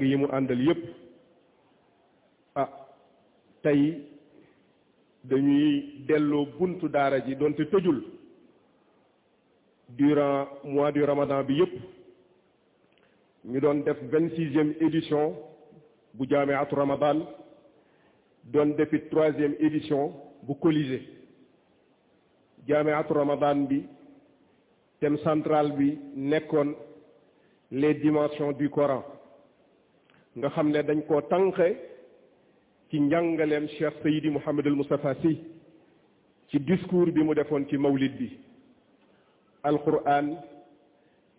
nga yi mu àndal yépp ah tey dañuy delloo buntu daara ji doonte tëjul durant mois du ramadan bi yépp ñu doon def vingt sixième édition bu jaamiatu ramadan doon defit troisième édition bu colisée jaamiatu ramadan bi thème central bi nekkoon les dimensions du Coran nga xam ne dañ koo tànqe ci njàngaleem Cheikh Seydi Mouhamadul Moustapha Sy ci discours bi mu defoon ci mawlid bi alquran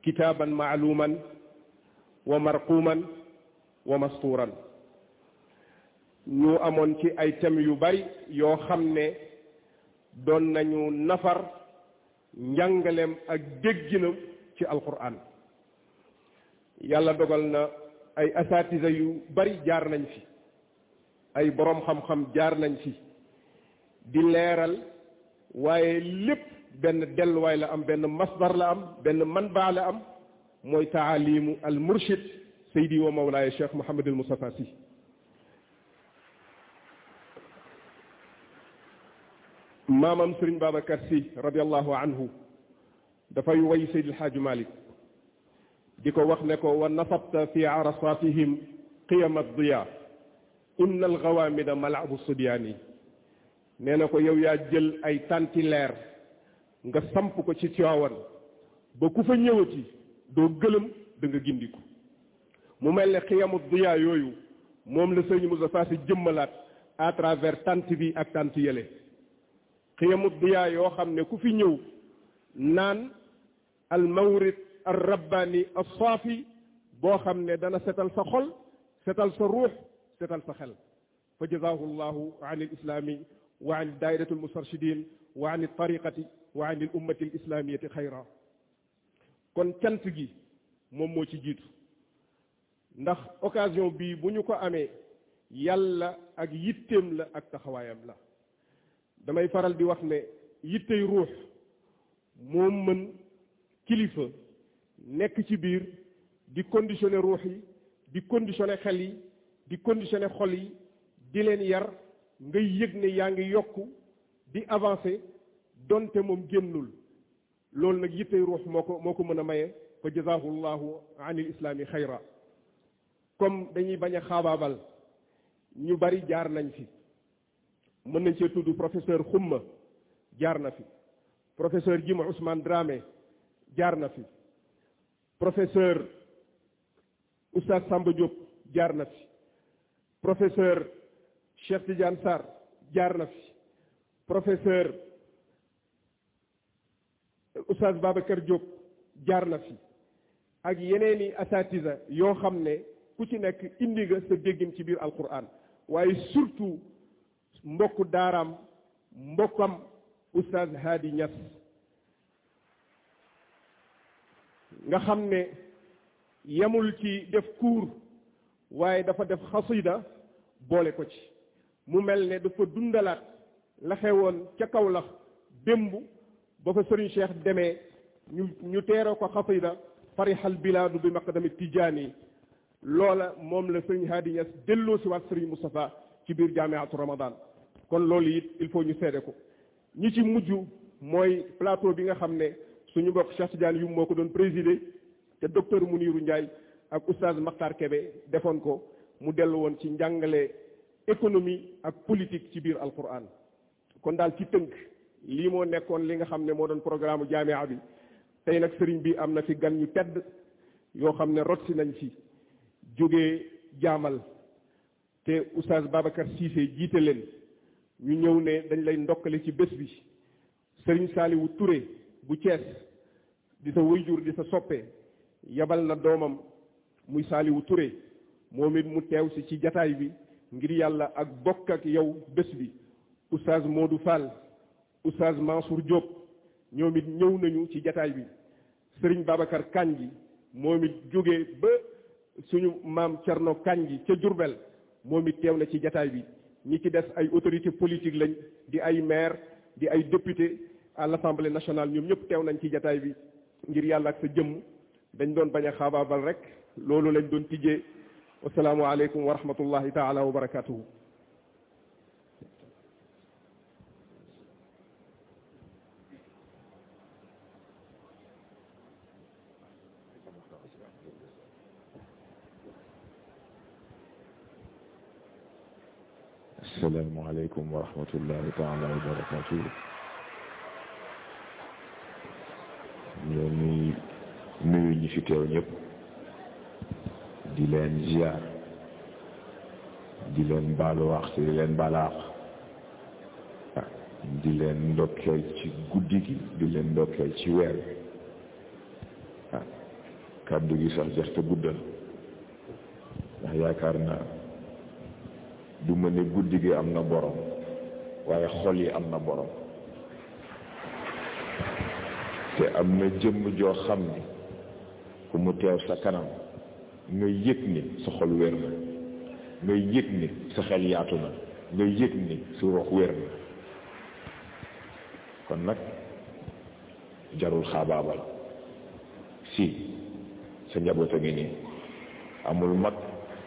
kitaaban maaluman wa marquman wa mastuuran ñu amoon ci ay thèmes yu bari yoo xam ne doon nañu nafar njàngaleem ak déggina ci alquran yàlla dogal na ay asatisa yu bari jaar nañ fi ay boroom xam-xam jaar nañ fi di leeral waaye lépp benn delluwaay la am benn masdar la am benn manbaa la am mooy taalimu al murshid saydi wa mawlaaya cheikh Mouhamadul Moustapha Sy maamam Serigne Babacar Sy radiallahu anhu dafay way Seydil Hadji Malick di ko wax ne ko wa nasabta fi arasatihim qiyam ad-diya inna al-ghawaamida malabu subyaani nee na ko yow yaa jël ay tànti leer nga samp ko ci Tiwaawan ba ku fa ñëwati doo gëlëm da nga gindiku mu mel ne xiyamu diya yooyu moom la sëñ Moustapha Sy jëmmalaat à travers tant bi ak tant yële xiyamu diya yoo xam ne ku fi ñëw naan al arrabbaani assaafi boo xam ne dana setal sa xol setal sa ruux setal sa xel fa jazaahu llahu an alislaami wa an daairati almustarshidin wa an altariqati wa an alummati alislaamiyati xayra kon cant gi moom moo ci jiitu ndax occasion bii bu ñu ko amee yàlla ak yitteem la ak taxawaayam la damay faral di wax ne yittey ruux moo mën kilifa nekk ci biir di conditionné ruux yi di conditionné xel yi di conditionné xol yi di leen yar nga yëg ne yaa ngi yokk di avancé donte moom génnul loolu nag yittey ruux moo ko mën a maye fa jazaahu llahu an il islaami xayra comme dañuy bañ a xaabaabal ñu bari jaar nañ fi mën nañ see tudd professeur Xumma jaar na fi professeur Jima Ousmane Dramé jaar na fi professeur Oustaz Samba Diop jaar na fi professeur Cheikh Tidiane Sarr jaar na fi professeur Oustaz Babacar Diop jaar na fi ak yeneeni asatisa yoo xam ne ku ci nekk indi nga sa déggin ci biir alquran waaye surtout mbokk daaram mbokkam Oustaz Hadi Niass nga xam ne yamul ci def kuur waaye dafa def xasida boole ko ci mu mel ne dafa dundalaat la xewoon ca Kawlax démb ba fa Serigne Cheikh demee ñu ñu teeroo ko xasida farihal bilaadu bi maqdami tijaani loola moom la Serigne Hadi Niass delloo si waat Serigne Moustapha ci biir jaamiatu Ramadan kon loolu it il faut ñu seede ko ñi ci mujj mooy plateau bi nga xam ne suñu mbokk Cheikh Tidiane yu moo ko doon présider te docteur Mounirou Ndiaye ak oustaz maxtar kebe defoon ko mu dellu woon ci njàngale économie ak politique ci biir alquran kon daal ci tënk lii moo nekkoon li nga xam ne moo doon programme jaamia bi tey nag sëriñ bi am na fi gan ñu tedd yoo xam ne rot si nañ ci jógee jaamal te oustaz Babacar Cissé jiite leen ñu ñëw ne dañ lay ndokkale ci bés bi sëriñ Saliou Touré bu Cees di sa wayjur di sa soppe yabal na doomam muy Saaliwu Ture moom it mu teew si ci jataay bi ngir yàlla ak bokk ak yow bés bi oustaz Modou Fall oustaz Mansour Diop ñoom it ñëw nañu ci jataay bi sëriñ Babacar Kañ gi moom it jógee ba suñu maam Cerno Kañ gi ca Jurbel moom it teew na ci jataay bi ñi ci des ay autorité politique lañ di ay maire di ay député à l'Assemblée nationale ñoom ñëpp teew nañ ci jataay bi ngir yàlla ak sa jëmm dañ doon bañ a xaabaabal rek loolu lañ doon tijjee wasalaamu aleykum wa rahmatullahi taala wa ci teew ñépp di leen ziar di leen baalu te di leen balaax ah, di leen ndokkeel ci guddi gi di leen ndokkeel ci weer ah kàddu gi sax jax te guddal ndax yaakaar naa du ma ne guddi gi am na borom waaye xol yi am na borom te am na jëmm joo xam ni ku mu teew sa kanam nga yëg ni sa xol wér na nga yëg ni sa xel yaatu na nga yëg ni sa ruux wér na kon nag jarul xaabaabal si sa njaboot a ngi nii amul mag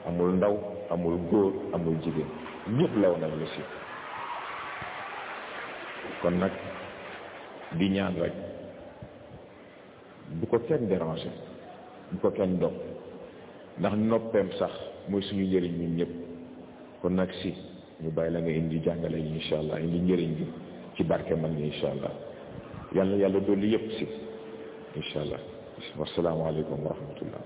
amul ndaw amul góor amul jigéen ñëpp law nañ la si kon nag di ñaan rek bu ko kenn déranger bu ko kenn dog ndax noppeem sax mooy suñu njëriñ ñun ñëpp kon nag si ñu bàyyi la nga indi jàngale yi incha allah indi njëriñ bi ci barke man ni incha allah yàlla yàlla dolli yëpp si incha allah wasalaamualeykum wa rahmatullah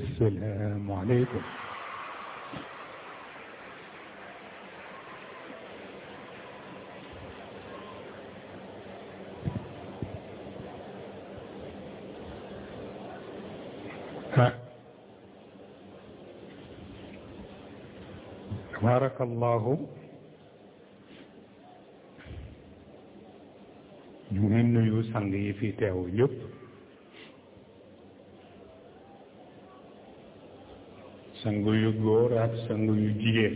السلام عليكم بارك الله ñu ngi nuyu sang yi fi teew yëpp sangu yu ak sangu yu jigéen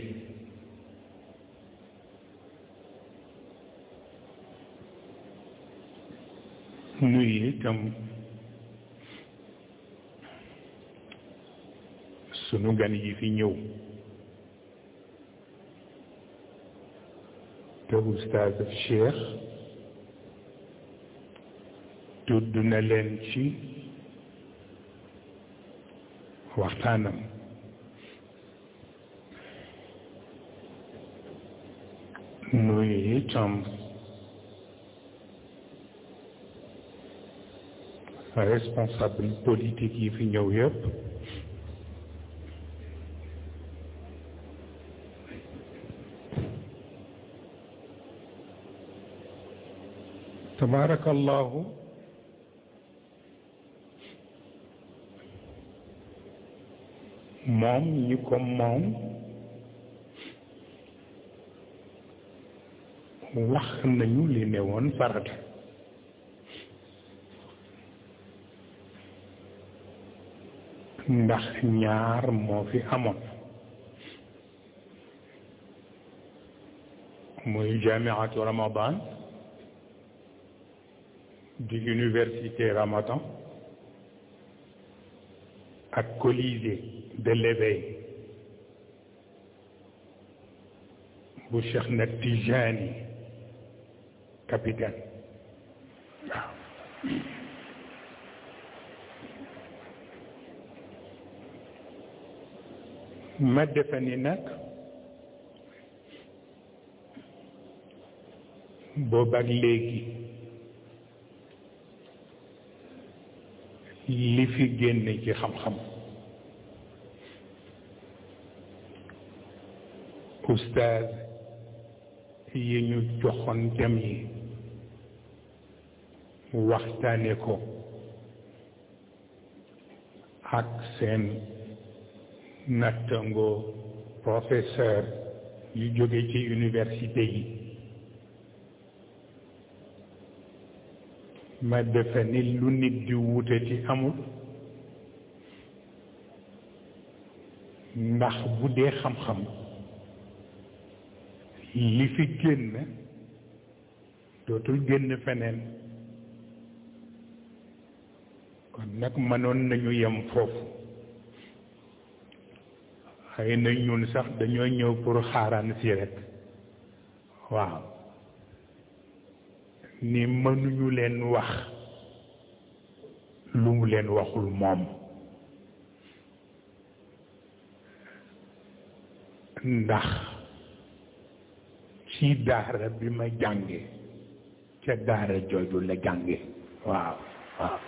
nuyu sunu gan yi fi ñëw te oustaz Cheikh tudd na leen ci waxtaanam yi tomb responsable politique yi fi ñëw yëpp tabarakallahu moom ñi ko moom wax nañu li ne woon farata ndax ñaar moo fi amoon muy jamiatu ramadan di université ramadan ak colisée de l'éveil bu Cheikh na Tijaani capitaine waaw ma defe ni nag boobaak léegi li fi génne ci xam-xam oustaz yi ñu joxoon dem yi waxtaane ko ak seen nattango professeur yu jóge ci université yi ma defe ni lu nit di wuute ci amul ndax bu dee xam-xam li fi génn dootul génn feneen kon nag mënoon nañu yem foofu xëy na ñun sax dañoo ñëw pour xaaraan si waaw ni mënuñu leen wax lu mu leen waxul moom ndax ci daara bi ma jànge ca daara jooju la jànge waaw waaw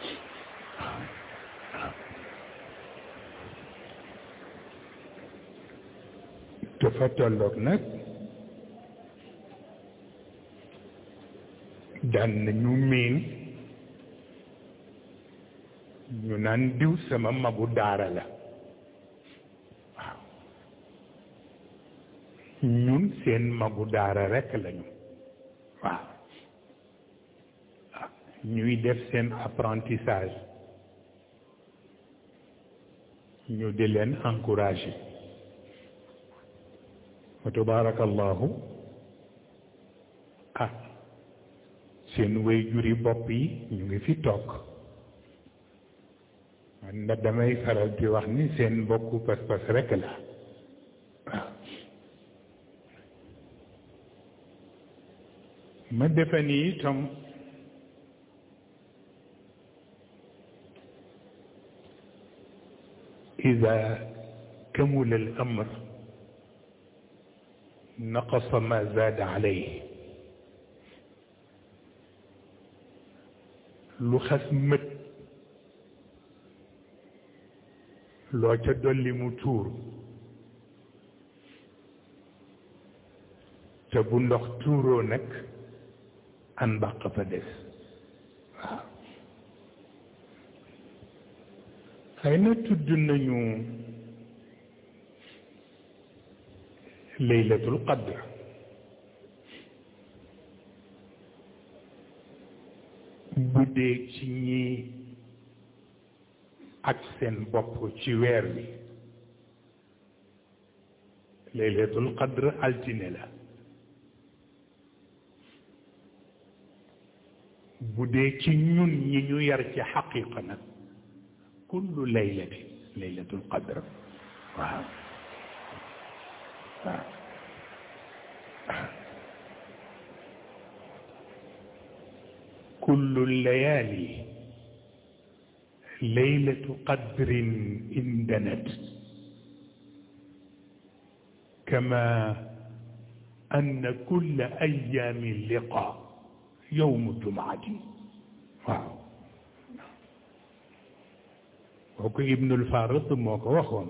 dafa tolloog nag daan nañu miin ñu naan diw sama magu daara la waaw ñun seen magu daara rekk lañu waaw ñuy def seen apprentissage ñu di leen encourager fa tabaarakallaahu ah seen way juri bopp yi ñu ngi fi toog man damay faral di wax ni seen bokku pas-pas rekk ah. ma defe ni itam ida kamula naqasa ma zaada alayhi lu xas mët loo ca dolli mu tuur te bu ndox tuuroo nag an bàq fa des waaw xëy na tudd nañu laylatul qadr bu dee ci ñi ak seen bopp ci weer wi laylatul qadr altine bu dee ci ñun ñi ñu yar ci xaqiqa nag kullu laylati laylatul waaw kullu layaali laylatu qadrin indanat kama anna kulla ayaami liqa yowmu jumaati waaw kooku Ibnul Farid moo ko waxoon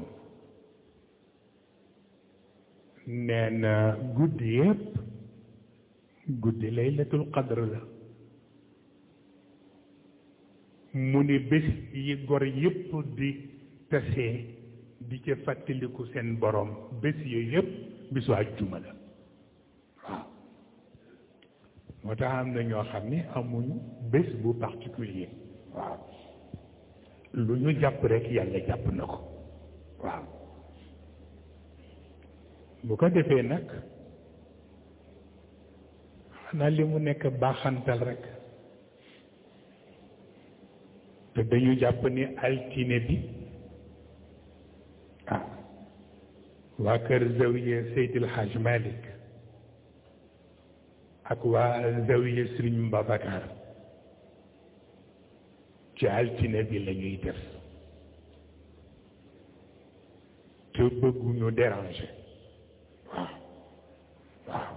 nee na guddi yépp guddi laylatul qadr la mu ni bés yi gor yépp di tasee di ca fàttaliku seen boroom bés yooyu yépp bisu àjjuma la waaw moo tax am na ñoo xam ni amuñu bés bu particulier waaw lu ñu jàpp rekk yàlla jàpp na ko waaw bu ko defee nag xanaa li mu nekk baaxantal rek te dañu jàpp ni altine bi ah waa kër zawiya Seydil Hadj Malick ak waa zawiya Serigne Babacar ci altine bi la ñuy def te bëgguñu déranger waaw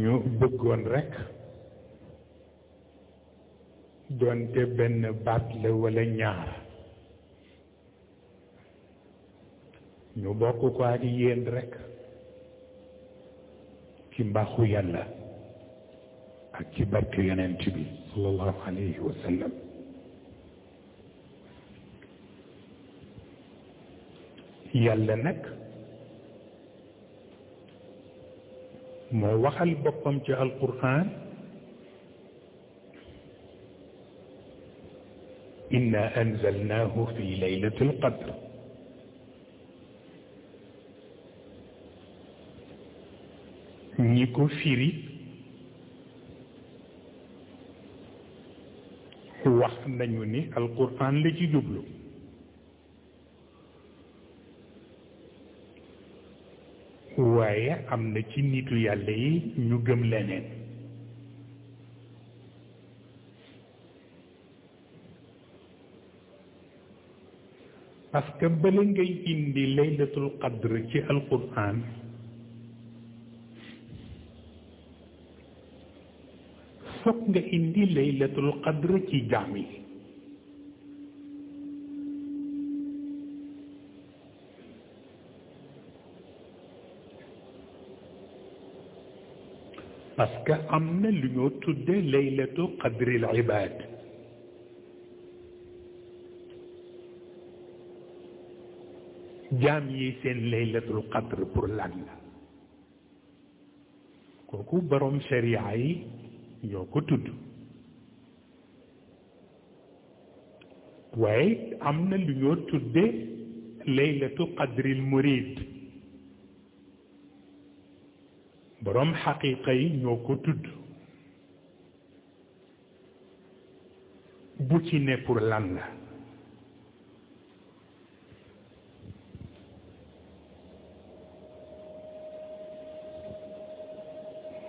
ñu bëggoon rekk doonte benn baat la walla ñaar ñu bokk ko ak yéen rekk ci mbaaxu yàlla ak ci barke yonent bi sallallahu alayhi wa yàlla nag moo waxal boppam ci alquran inna anzalnaahu fi laylatil qadr ñi ko firi wax nañu ni alquran la ci jublu waaye am na ci nitu yàlla yi ñu gëm leneen parce que bala ngay indi laylatul qadr ci alquran fokk nga indi laylatul qadr ci jaam yi parce que am na lu ñoo tuddee laylatu qadril ibaad jaam yi seen laylatul qadr pour lan la kooku borom sharia yi ñoo ko tudd am na lu ñoo tuddee laylatu qadril murid boroom xaqiiqa yi ñoo ko tudd bu ci ne pour lan la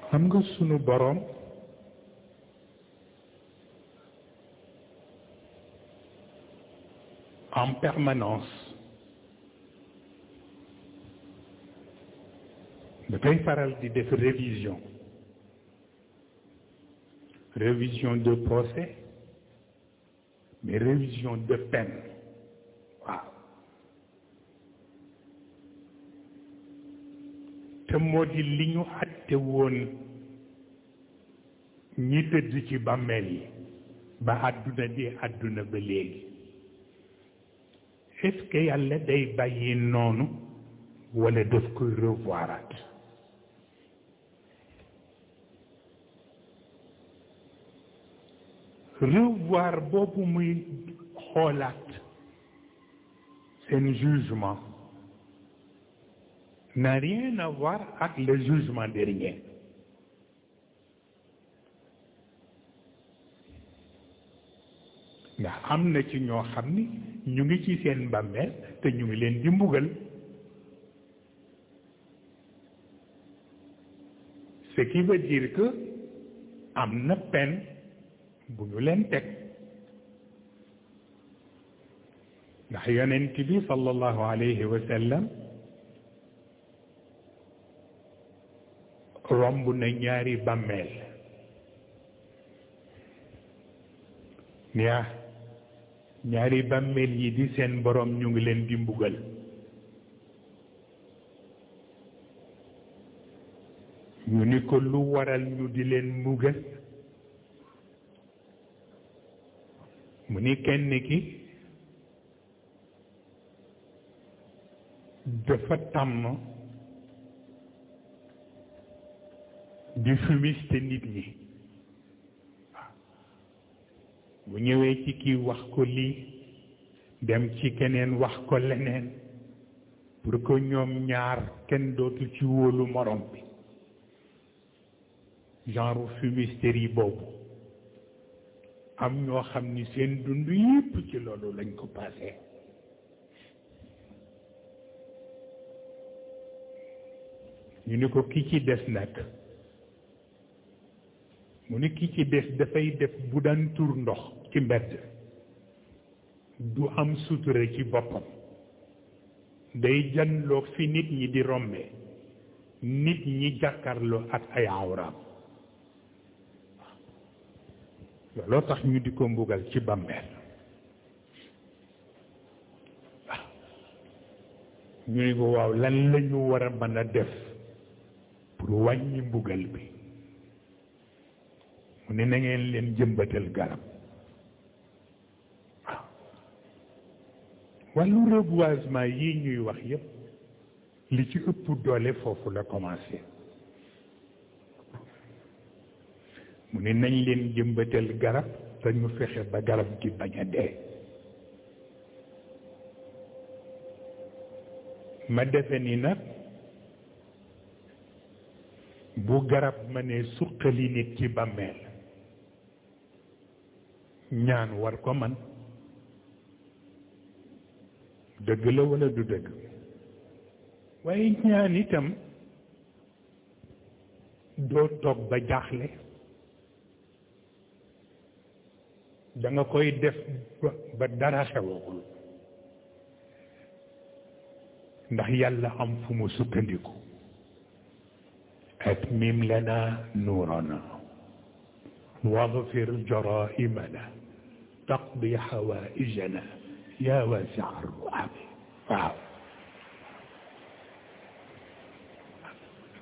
xam nga sunu boroom en permanence dafay faral di def révision révision de procès mais révision de peine waaw te moo di li ñu àtte woon ñi tëdd ci bàmmeel yi ba àdduna di àdduna ba léegi est yàlla day bàyyi noonu wala daf koy revoiraat revoir boobu muy xoolaat seen jugement n'a rien à voir ak le jugement dernier ndax am na ci ñoo xam ni ñu ngi ci seen bàmmeel te ñu ngi leen di mbugal ce qui veut que am na peine bu ñu leen teg ndax yonent bi sallallahu alayhi wa romb na ñaari bàmmeel ñaa ñaari bàmmeel yi di seen borom ñu ngi leen di mbugal ñu ni ko lu waral ñu di leen mbugal mu ni kenn ki dafa tàmm di fumiste nit ñi bu ñëwee ci kii wax ko lii dem ci keneen wax ko leneen pour ko ñoom ñaar kenn dootu ci wóolu morom bi genre fumisterie boobu am ñoo xam ni seen dund yépp ci loolu lañ ko passé ñu ni ko ki ci des nag mu ni ki ci des dafay def bu daan tur ndox ci mbedd du am sutura ci boppam day janloo fi nit ñi di rombe nit ñi jàkkarloo ak ay awraam loo tax ñu di ko mbugal ci bàmmeel waaw ñu waaw lan la ñu war a mën a def pour wàññi mbugal bi mu ne na ngeen leen jëmbatal garab waaw wàllu reboisement yi ñuy wax yépp li ci ëpp doole foofu la commencé mu ne nañ leen jëmbatal garab te fexe ba garab gi bañ a dee ma defe ni nag bu garab ma ne suqali nit ci bàmmeel ñaan war ko man dëgg la walla du dëgg waaye ñaan itam doo toog ba jaaxle da nga koy def ba dara xewagul ndax yàlla am fu mu sukkandiku ak mim lana nuurana واغفر جرائمنا تقضي حوائجنا يا واسع الرحم waaw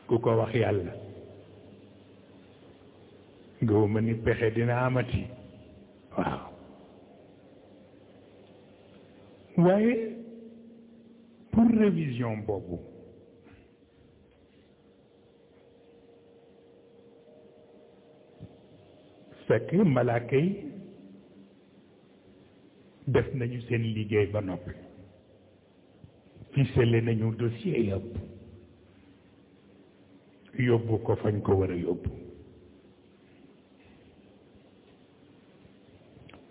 ku ko wax yàlla gëw ni pexe amati waaw waaye pour révision boobu fekk malaaka yi def nañu seen liggéey ba noppi ficelé nañu dossier yëpp yóbbu ko fañ ko war a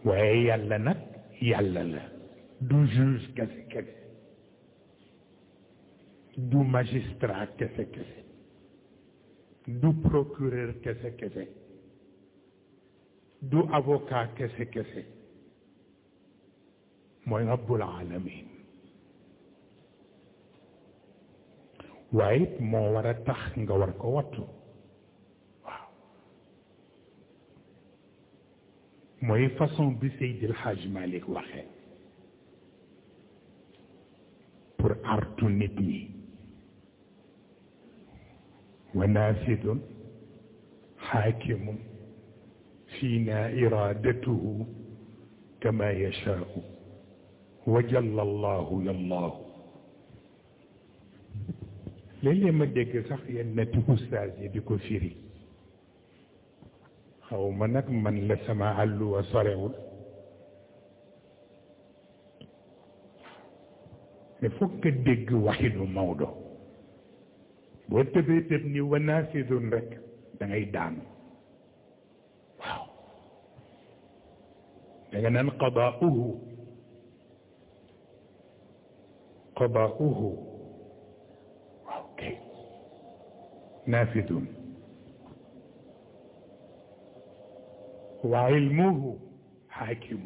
waaye yàlla nag yàlla la du juge kese kese du magistrat kese kese du procureur kese kese du avocat kese kese mooy rabbul alamin waaye moo war a tax nga war ko wattu mooy façon bi Seydil Hadj Malick waxee pour artu nit ñi wa nafidun xaakimun fiina iradatuhu kama yashaau wa jalla allahu lallahu léeg-léeg ma dégg sax yenn nati ustaas yi di ko firi xaw ma nag man la sama àlluwa sorewul mais foog nga dégg waxinu Maodo boo tëbee tëb ni wanaafidun rek da ngay daanu waaw da nga naan وعلمه حاكم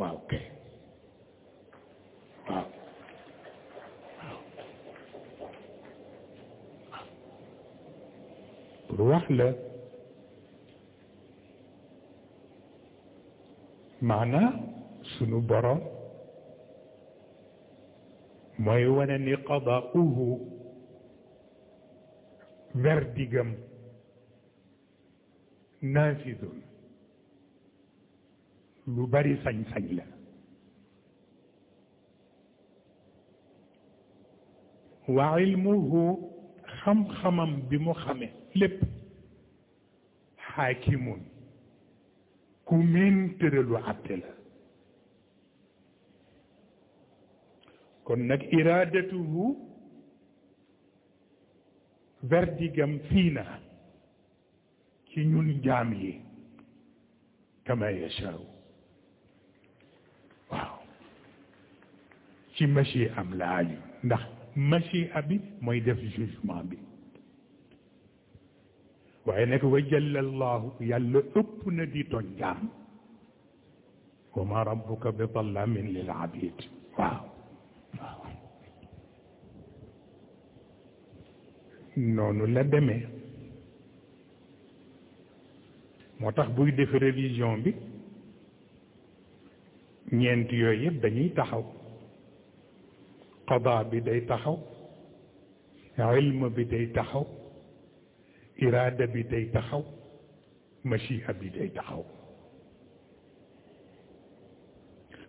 waaw kay waaw pour wax la maanaa sunu borom mooy wane ni qadaa'uhu verdigam naafidun lu bari sañ-sañ la wa ilmuhu xam-xamam bi mu xame lépp xaakimun ku miin tëralu àtte la kon nag iradatuhu verdigam fii na ci ñun jaam yi kama yashaaw waaw ci machi am la aju ndax machi abi mooy def jugement bi waaye nag wa jalla allahu yàlla ëpp na di tooñ jaam wa rabbuka bi dallamin lil abid waaw waaw la demee moo tax buy def révision bi ñeent yooyu yëpp dañuy taxaw qada bi day taxaw ilm bi day taxaw iraada bi day taxaw machia bi taxaw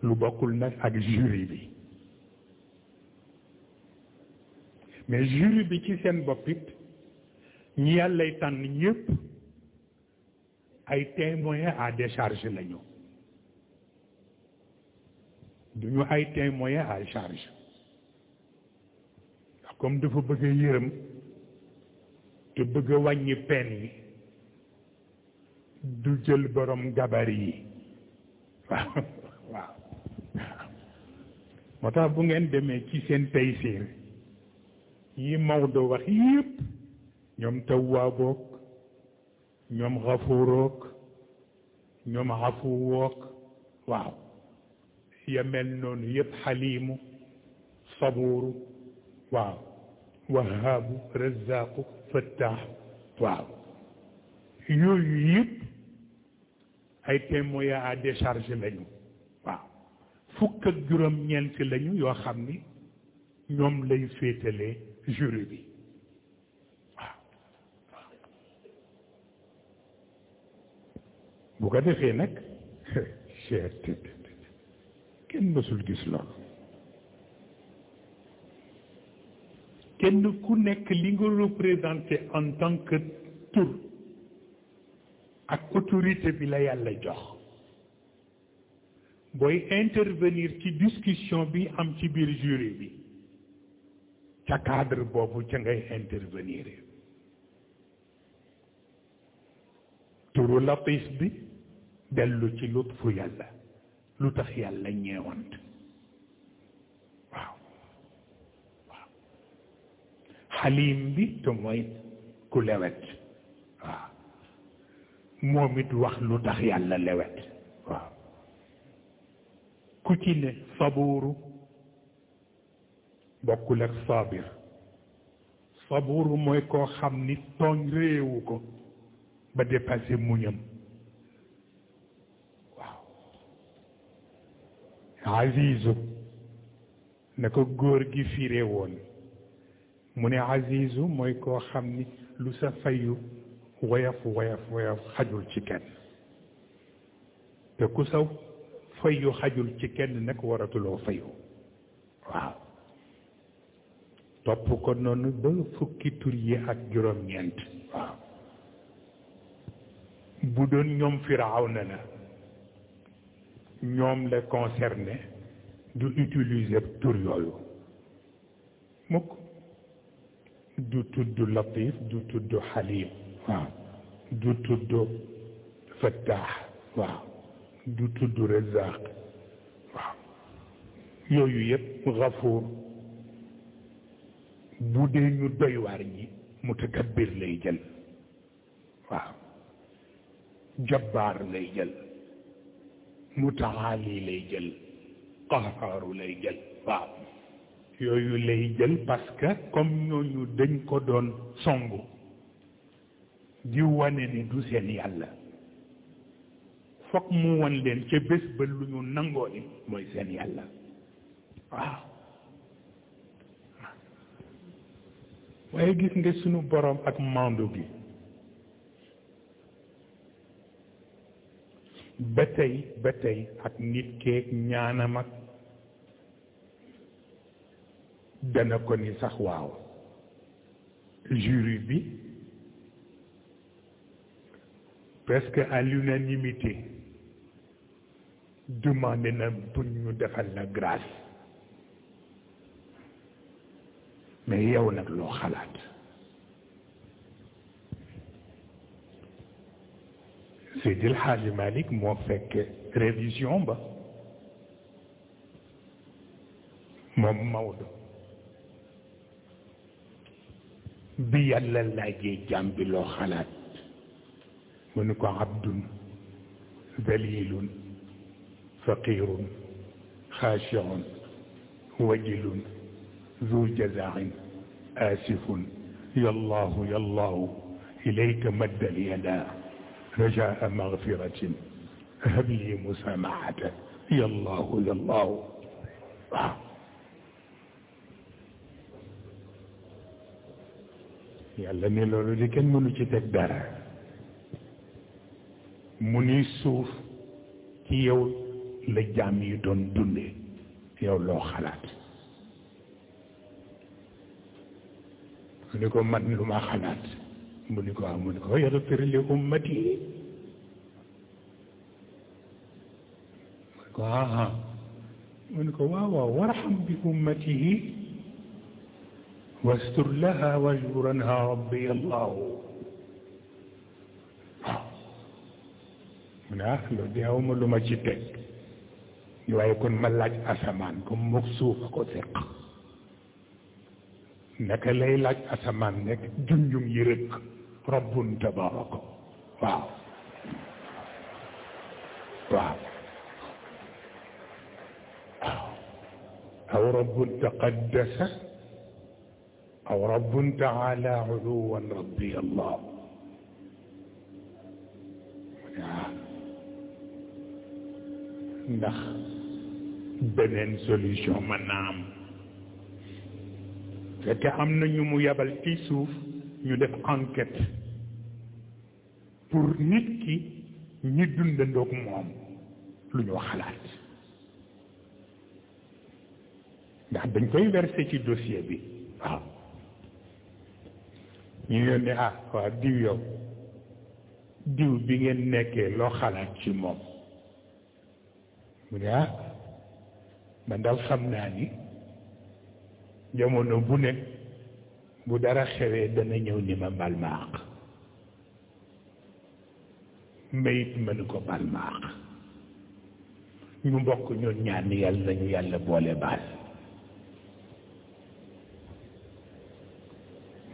lu bokkul nag ak jury bi mais jury bi ci seen bopp it ñi yàllay tànn ñëpp ay témoins à décharge lañu duñu ay témoins à charge comme dafa bëgg a yërëm te bëgg a wàññi peine yi du jël borom gabar yi waaw moo tax bu ngeen demee ci seen taysiir yi Maodo wax yépp ñoom taw waa boog ñoom xafuurook ñoom xafuwook waaw ya noonu yëpp xaliimu sabuuru waaw wahaabu razaaku fattaaxu waaw yooyu yëpp ay témoins à décharge lañu waaw fukk ak juróom-ñeent lañu yoo xam ni ñoom lay féetalee jury bi bu ko defee nag cher tëdd kenn mësul gis lool kenn ku nekk li nga représenté en tant que tur ak autorité bi la yàlla jox booy intervenir ci discussion bi am ci biir jury bi ca cadre boobu ca ngay intervenir turu latif bi dellu ci lutfu yàlla lu tax yàlla ñeewant waaw waaw bi te mooy ku lewet waaw moom it wax lu tax yàlla lewet waaw ku ci ne sabuuru bokkul ak sabir sabuuru mooy koo xam ni tooñ réewu ko ba dépassé muñam azizu na ko góor gi fiire woon mu ne azizu mooy koo xam ni lu sa fayu woyof woyof woyof xajul ci kenn te ku saw fayu xajul ci kenn nag waratuloo fayu waaw topp ko noonu ba fukki tur yi ak juróom-ñeent waaw bu doon ñoom firaaw na la ñoom la concerné du utiliser tur yooyu mukk du tudd latif du tudd xalim waaw du tudd fattaax waaw du tudd razaq waaw yooyu yëpp gafuur bu dee ñu doy waar ñi mutakabbir lay jël waaw jabbaar lay jël mutaali lay jël qaxaaru lay jël waaw yooyu lay jël parce que comme ñooñu dañ ko doon songu di wane ni du seen yàlla fokk mu wan leen ca bés ba lu ñu nangoo mooy seen yàlla waaw waaye gis nga sunu borom ak mando gi ba tey ba tey ak nit ñaan ñaanam ak dana ko ni sax waaw jury bi presque à l'unanimité demandé na pour ñu defal la grâce mais yow nag loo xalaat Seydil Hadji Malick moo fekke révision ba moom Maodo bi yàlla laajee jàmm bi loo xalaat mu ni ko abdun dalilun faqirun xaashiun wajilun zu jazaain aasifun yallaahu yallaahu ilayka maddal yadaa رجاء مغفرة هب لي مسامحة يا الله يا الله yàlla ne loolu di kenn mënu ci teg dara mu ni suuf ci yow la jaam yi doon dunde yow loo xalaat mu ni ko man lu ma xalaat mu ni ko waaw ah, mu ni ko yaxfir li ummati mu ni ko aa ah, ah. mu ni ko waaw waaw warxam bi ummatihi wastur laha wajburanha rabbi allahu waaw mu ne ah loolu de awma lu ma ci teg waaye kon ma laaj asamaan comme mook suufa ko seq naka lay laaj asamaan nekk junjum yi rëkk rabbun tabaraka waaw waaw aw rabbun taqaddasa aw rabbun taala uluwan rabbi allah ndax beneen solution mën naa am te am na ñu mu yabal ci suuf ñu def enquête pour nit ki ñi dundandoog moom lu ñu xalaat ndax dañ koy versé ci dossier bi waaw ñu yónni ah waaw diw yow diw bi ngeen nekkee loo xalaat ci moom mu ne ah man daal xam naa ni jamono bu ne bu dara xewee dana ñëw ni ma bal ma àq mbayit mënu ko bal ma ñu bokk ñun ñaar ni nañu yàlla boole baal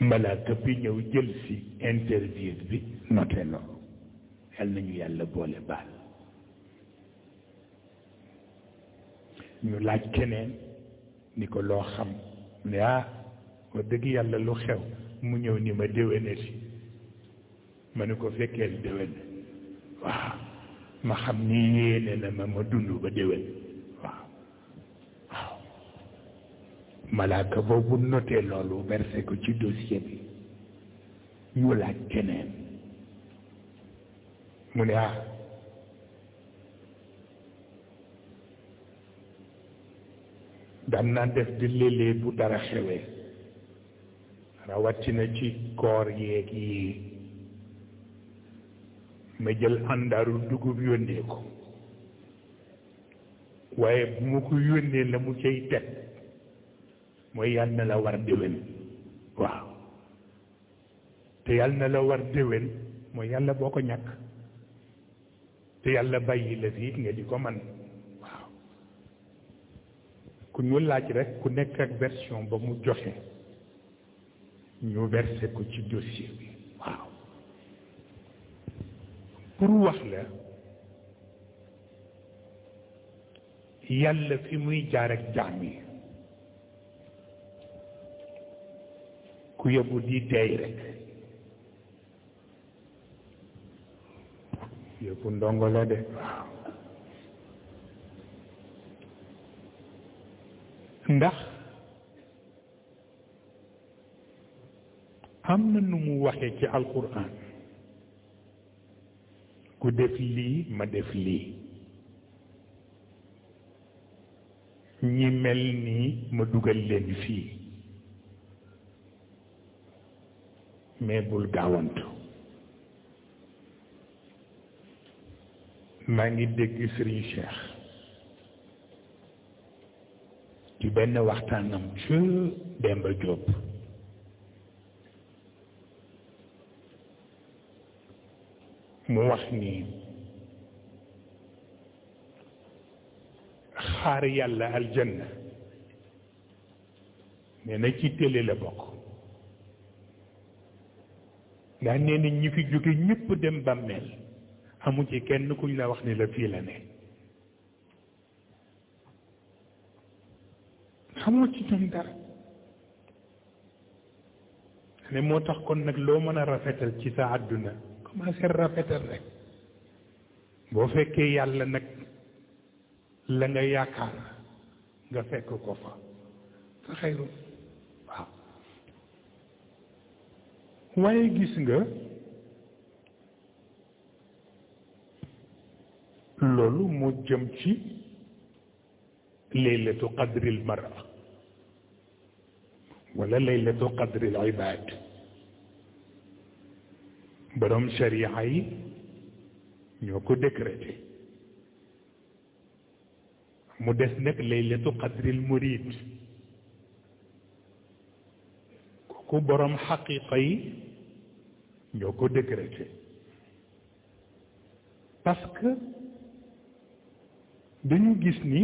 malaaka bi ñëw jël ci interview bi noté na yàlla nañu yàlla boole baal ñu laaj keneen ni ko loo xam ne ah wax dëgg yàlla lu xew mu ñëw ni ma déwénati ma ne ko fekkeel déwén ma xam ni yéene ma ma dund ba déwén waaw waaw malaaka boobu noté loolu versé ko ci dossier bi ñu laaj daan naa def di léeg-léeg bu dara xewee rawatina ci koor yeeg yi ma jël àndaaru dugub yónnee ko waaye bu ma ko yónnee la mu cay teg mooy yàlla na la war déwén waaw te yàlla la war déwén mooy yàlla boo ko ñàkk te yàlla bàyyi la fi nga di ko man ku ñu laaj rek ku nekk ak version ba mu joxe ñu versé ko ci dossier bi waaw pour wax la yàlla fi muy jaar ak jaam yi ku yóbbu di deey rek yóbbu ndongo la de waaw ndax am na nu mu waxee ci alquran ku def lii ma def lii ñi mel nii ma dugal leen fii mais bul gaawantu maa ngi dégg Serigne Cheikh ci benn waxtaanam ci Demba Diop mu wax ni xaar yàlla aljanna nee na ci télé la bokk ndax nee na ñi fi jóge ñëpp dem bàmmeel amu ci kenn kuñ la wax ni la fii la ne xamoo ci ñoom dara ne moo tax kon nag loo mën a rafetal ci sa àdduna commencé rafetal rek boo fekkee yàlla nag la nga yaakaar nga fekk ko fa fa xayru waaw waaye gis nga loolu moo jëm ci leylatu qadril mara wala laylatu qadril ibaad borom sharia yi ñoo ko décrété mu des nag laylatu qadril borom xaqiqa yi ñoo ko décrété parce que gis ni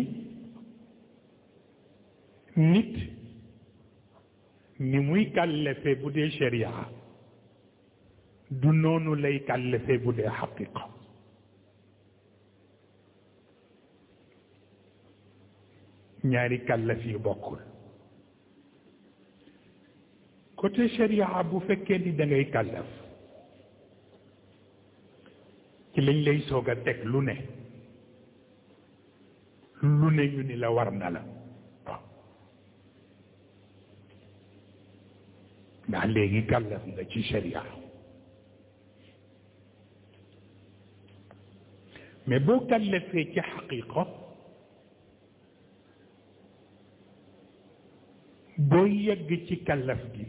nit ni muy kàllefe bu dee sharia du noonu lay kàllefe bu dee xaqiqa ñaari kàllaf yu bokkul côté sharia bu fekkee ni da ngay kàllaf ci lañ lay soog a teg lu ne lu ne ñu ni la war na ndax léegi kàllaf nga ci sharia mais boo kàllafee ci xaqiqa boo yegg ci kàllaf gi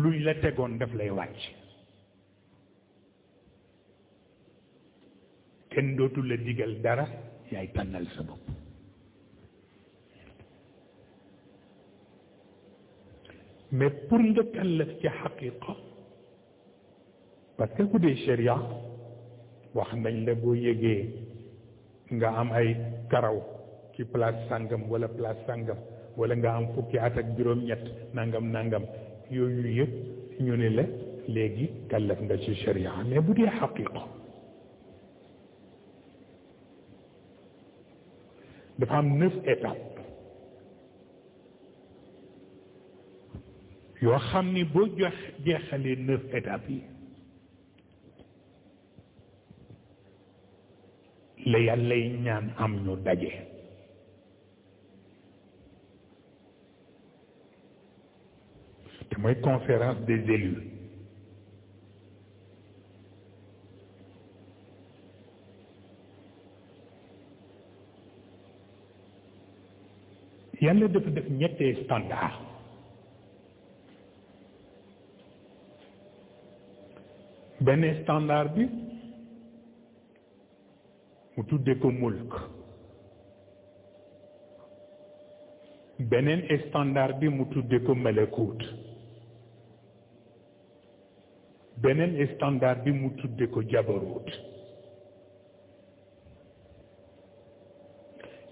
luñ la tegoon daf lay wàcc kenn dootu la digal dara yaay tànnal sa mais pour nga kallaf ci xaqiqa parce bu dee sharia wax nañ la boo yëgee nga am ay karaw ci place sàngam wala place sàngam wala nga am fukki at ak ñett nangam nangam yooyu yëpp ñu ne la léegi kallaf nga ci sharia mais bu dee xaqiqa dafa am neuf yoo xam ni boo jox jeexalee neuf étapes yi la yàllay ñaan am ñu daje te mooy conférence des élus yàlla dafa def ñettee standard benn standard bi mu tudde ko mulk beneen standard bi mu tudde ko malakut beneen standard bi mu tudde ko jabarut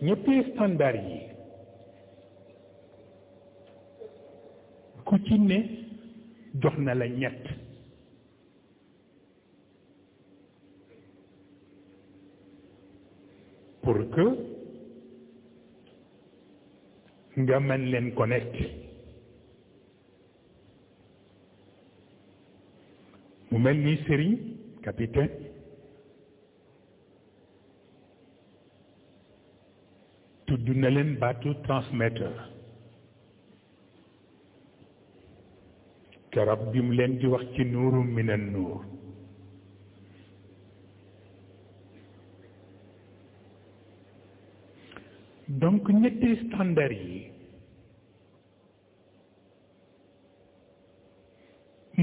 ñetti standard yi ku ci ne jox na la ñett pour que nga mën leen connecté mu mel ni Serigne capitaine tudd na leen baatu transmetteur keroog bi mu leen di wax ci nuuru minan nuur donc ñetti standard yi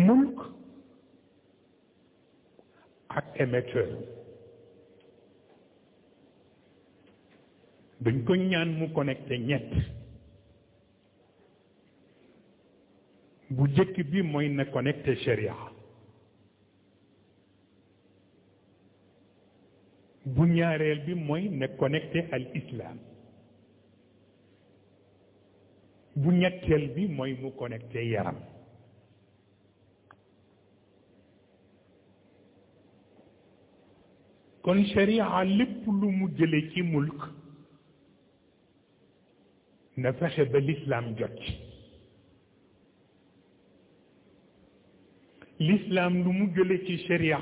mulk ak émetteur dañ ko ñaan mu connecté ñett bu jëkk bi mooy na connecté sharia bu ñaareel bi mooy na connecté al islam bu ñetteel bi mooy mu connecté yaram kon sharia lépp lu mu jële ci mulk na fexe ba lislaam jot ci lislaam lu mu jële ci sharia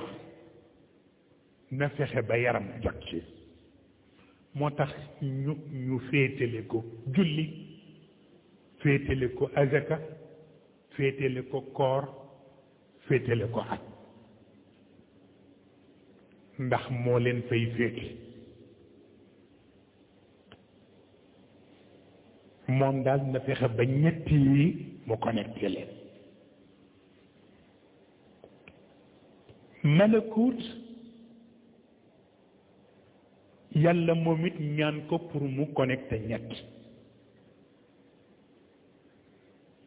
na fexe ba yaram jot ci moo tax ñu ñu féetale ko julli féetale ko azaka féetale ko koor féetale ko aj ndax moo leen fay féete moom daal na fexe ba ñetti yi mu connecté leen malakuut yàlla moom it ñaan ko pour mu connecté ñett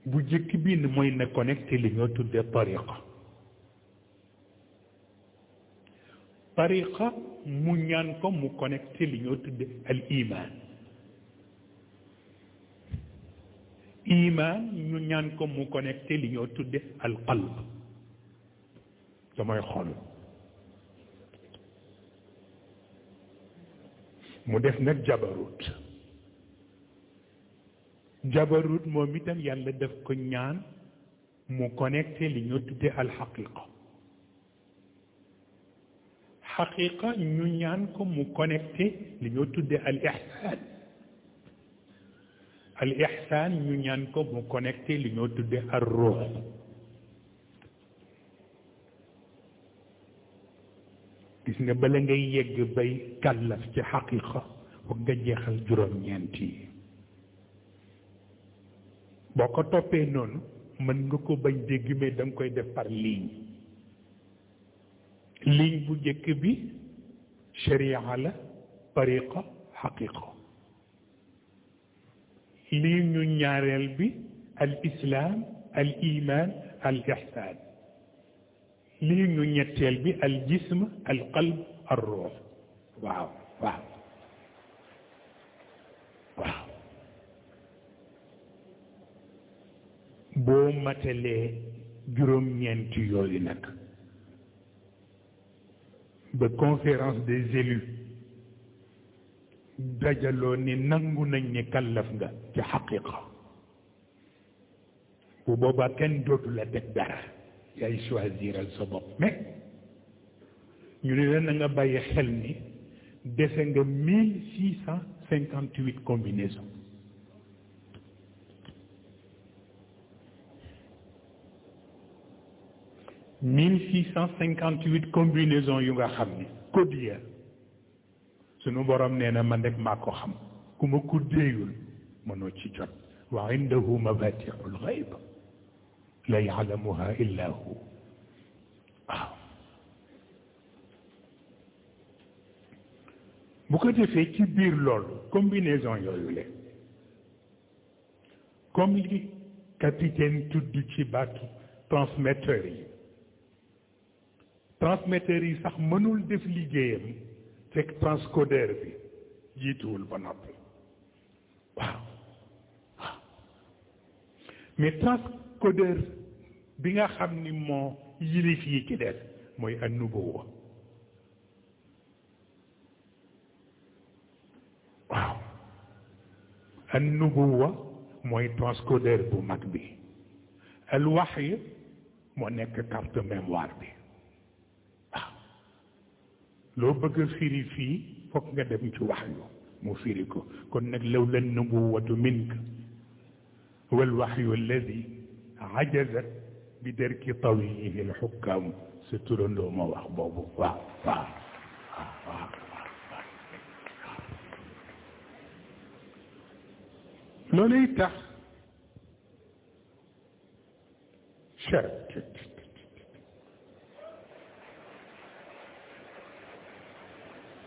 bu jëkk bii ni mooy ne connecté li ñoo tuddee tariqa tariqa mu ñaan ko mu connecté li ñoo tuddee al iman ñu ñaan ko mu connecté li ñoo tuddee al qalb te xol mu def nag jabarut jabarut moom itam yàlla def ko ñaan mu connecté li ñoo tudde alxaqiqa xaqiqa ñu ñaan ko mu connecté li ñoo tudde al ihsan al ihsan ñu ñaan ko mu connecté li ñoo tudde al ruux gis nga bala ngay yegg bay kàllaf ci xaqiqa foog nga jeexal juróom-ñeent boo ko toppee noonu mën nga ko bañ dégg mais da koy def par ligne ligne bu njëkk bi sharia la tariqa xaqiqa ñu ñaareel bi al islam al iman al ihsan ligne ñetteel bi al jism al qalb al ruux waaw waaw boo matalee juróom-ñeenti yooyu nag ba conférence des élus dajaloo ni nangu nañ ni kallaf nga ci xaqiqa bu boobaa kenn dootu la teg dara yaay choisiral sa bopp mais ñu ne la na nga bàyyi xel ni dese nga mille six cent cinquante huit combinaison mille six cent cinquante huit combinaison yu nga xam ni code ya sunu borom nee na man rek maa xam ku ma kuddeeyul mënoo ci jot wa indahu mafatixul xayb la yaalamuha bu ko defee ci biir loolu combinaison yooyu le comme li capitaine tudd ci baatu transmetteur transmetteur yi sax mënul def liggéeyam fekk transcodeur bi jiituwul ba noppi waaw mais transcodeur bi nga xam ni moo yilif yi ci des mooy annubuwa waaw annubuwa mooy transcodeur bu mag bi alwaxy moo nekk carte mémoire bi loo bëgg a firi fii foog nga dem ci wax yu mu firi ko kon nag law la nubuwatu minka wal waxyu alladi ajazat bi derki tawilihi alxukkaamu sa turandoo ma wax boobu waaw waaw waaw looluy tax charte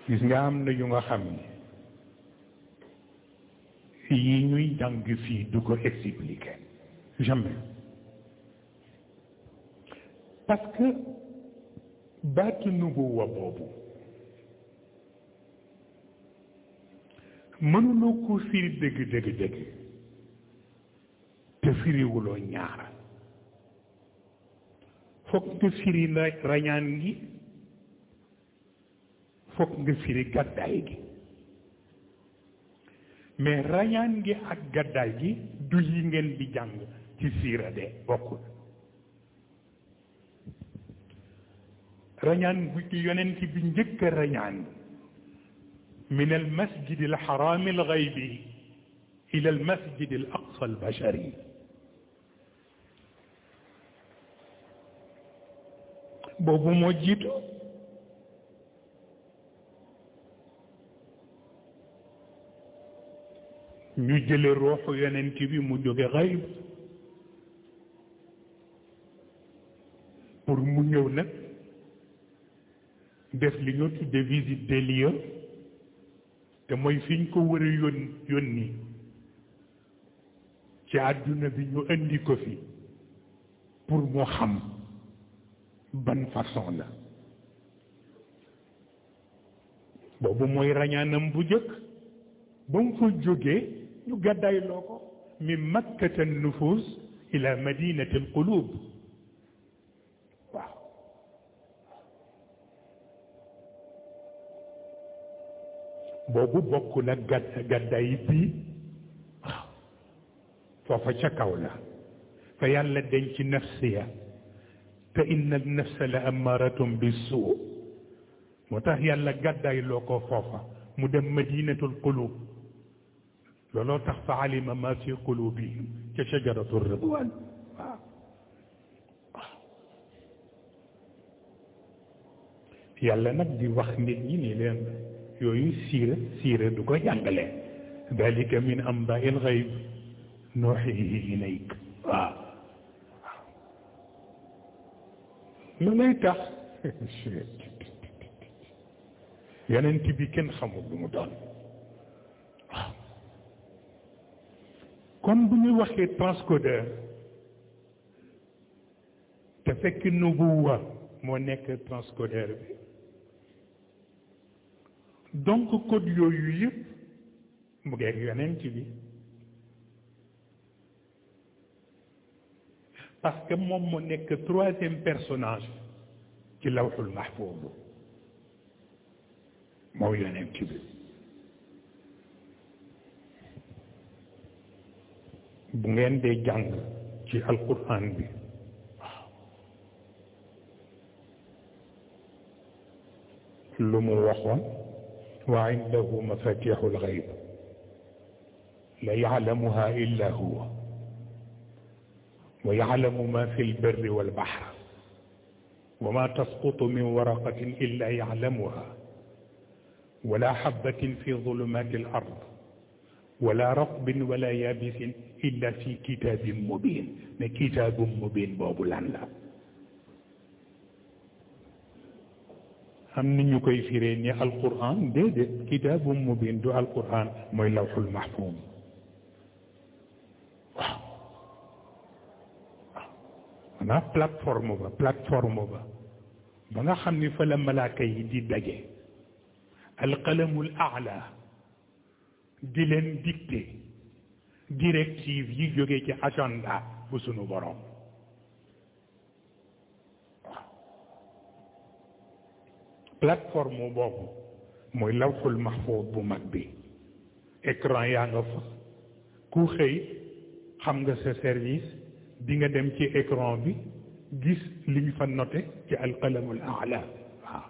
gis nga am na ñu nga xam ni yi ñuy jàng fii du ko expliquer jamais parce que baatu nubuwa boobu mënuloo ko firi dëgg dëgg dëgg te firiwuloo ñaar fokk nga firi rañaan gi foog nga firi gàddaay gi mais rañaan gi ak gàddaay gi du yi ngeen di jàng ci siira de bokkul rañaan bu ci yonent bi njëkk a min al masjid al haram al ghaybi ila boobu moo jiitu ñu jële ruuxu yonent bi mu jóge xayb pour mu ñëw nag def li ñu tudde visite des lieux te mooy fi ko war a yón yónni ci àdduna bi ñu indi ko fi pour mu xam ban façon la boobu mooy rañaanam bu jëkk ba mu fa jógee ñu gàddayloo ko min makkata nufus ila madinati alqulub waaw boobu bokk na gàdd gàddaay foofa ca kaw la fa yàlla denc nafsiya te inna nafsa la amaratum bi suu moo tax yàlla gàddaay loo foofa mu dem madinatul qulub looloo tax fa alima ma fi qulubihim ca shajaratu ridwan waaw yàlla nag di wax nit ñi ni leen yooyu siira siira du ko jàngale dalika min amba il xayb nuxihi ilayk waaw lu lay tax yonent bi kenn xamul lu mu doon comme bu ñu waxee transcodeur te fekk nubuwa moo nekk transcodeur bi donc code yooyu yëpp mu ngeeg yonent bi parce que moom mu nekk troisième personnage ci lawxul mahfuz moom yonent bi bu ngeen dee jàng ci alquran bi lu mu waxoon wa indahu mafatixu lxayb la yalamuha illa huwa wa yalamu ma fi lbirri walbaxr wa ma tasqutu min waraqatin illa yalamuha wala xabatin fi zulumaati alard wala raqbin wala yabisin illa fi kitaabin mubin ne kitaabun mubin boobu lan la am na ñu koy firee ni alquran déedéet kitaabun mubin du alquran mooy lawxul mahfum waaw waaw maanaam plateforme ba plateforme ba ba nga xam ni fa la malaaka yi di daje alqalamul aala di leen dicté directive yi jóge ci agenda bu sunu borom plateforme boobu mooy lawxul mahfuud bu mag bi écran yaa nga fa ku xëy xam nga sa service di nga dem ci écran bi gis liñ fa noté ci alqalamul aala waaw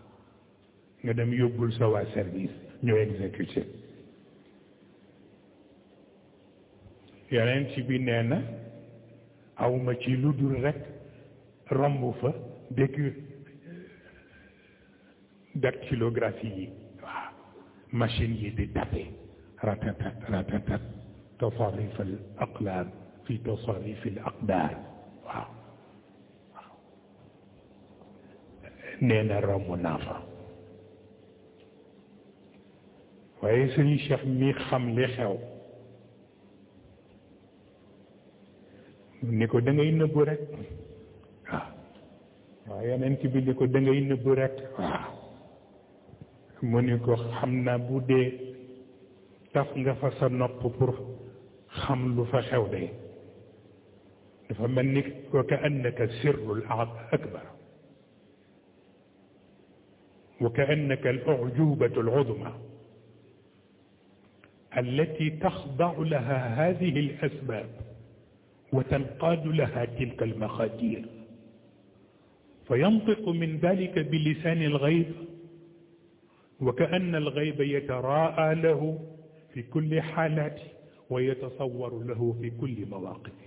nga dem yóbbul sa waa service ñoo exécuté ci bi nee na awma ci lu dul rekk romb fa dégg dactylographie yi waaw machine yi di tapé ratatat ratatat tasarif al aqlaam fi tasarif al aqdaar waaw waaw nee naa fa waaye suñu cheikh mi xam li xew ni ko da ngay nëbbu rek ah. waaw waaw yeneen ci bi ni ko da ngay nëbbu rek waaw ah. mu ni ko xam naa bu dee taf nga fa sa nopp pour xam lu fa xew de dafa mel ni wa ka annaka sirrul akbar wa ka annaka al ujubatu al udma allati taxdau laha hadihi al asbab وتنقاد لها تلك المخادير فينطق من ذلك بلسان الغيب وكأن الغيب يتراءى له في كل حالات ويتصور له في كل مواقف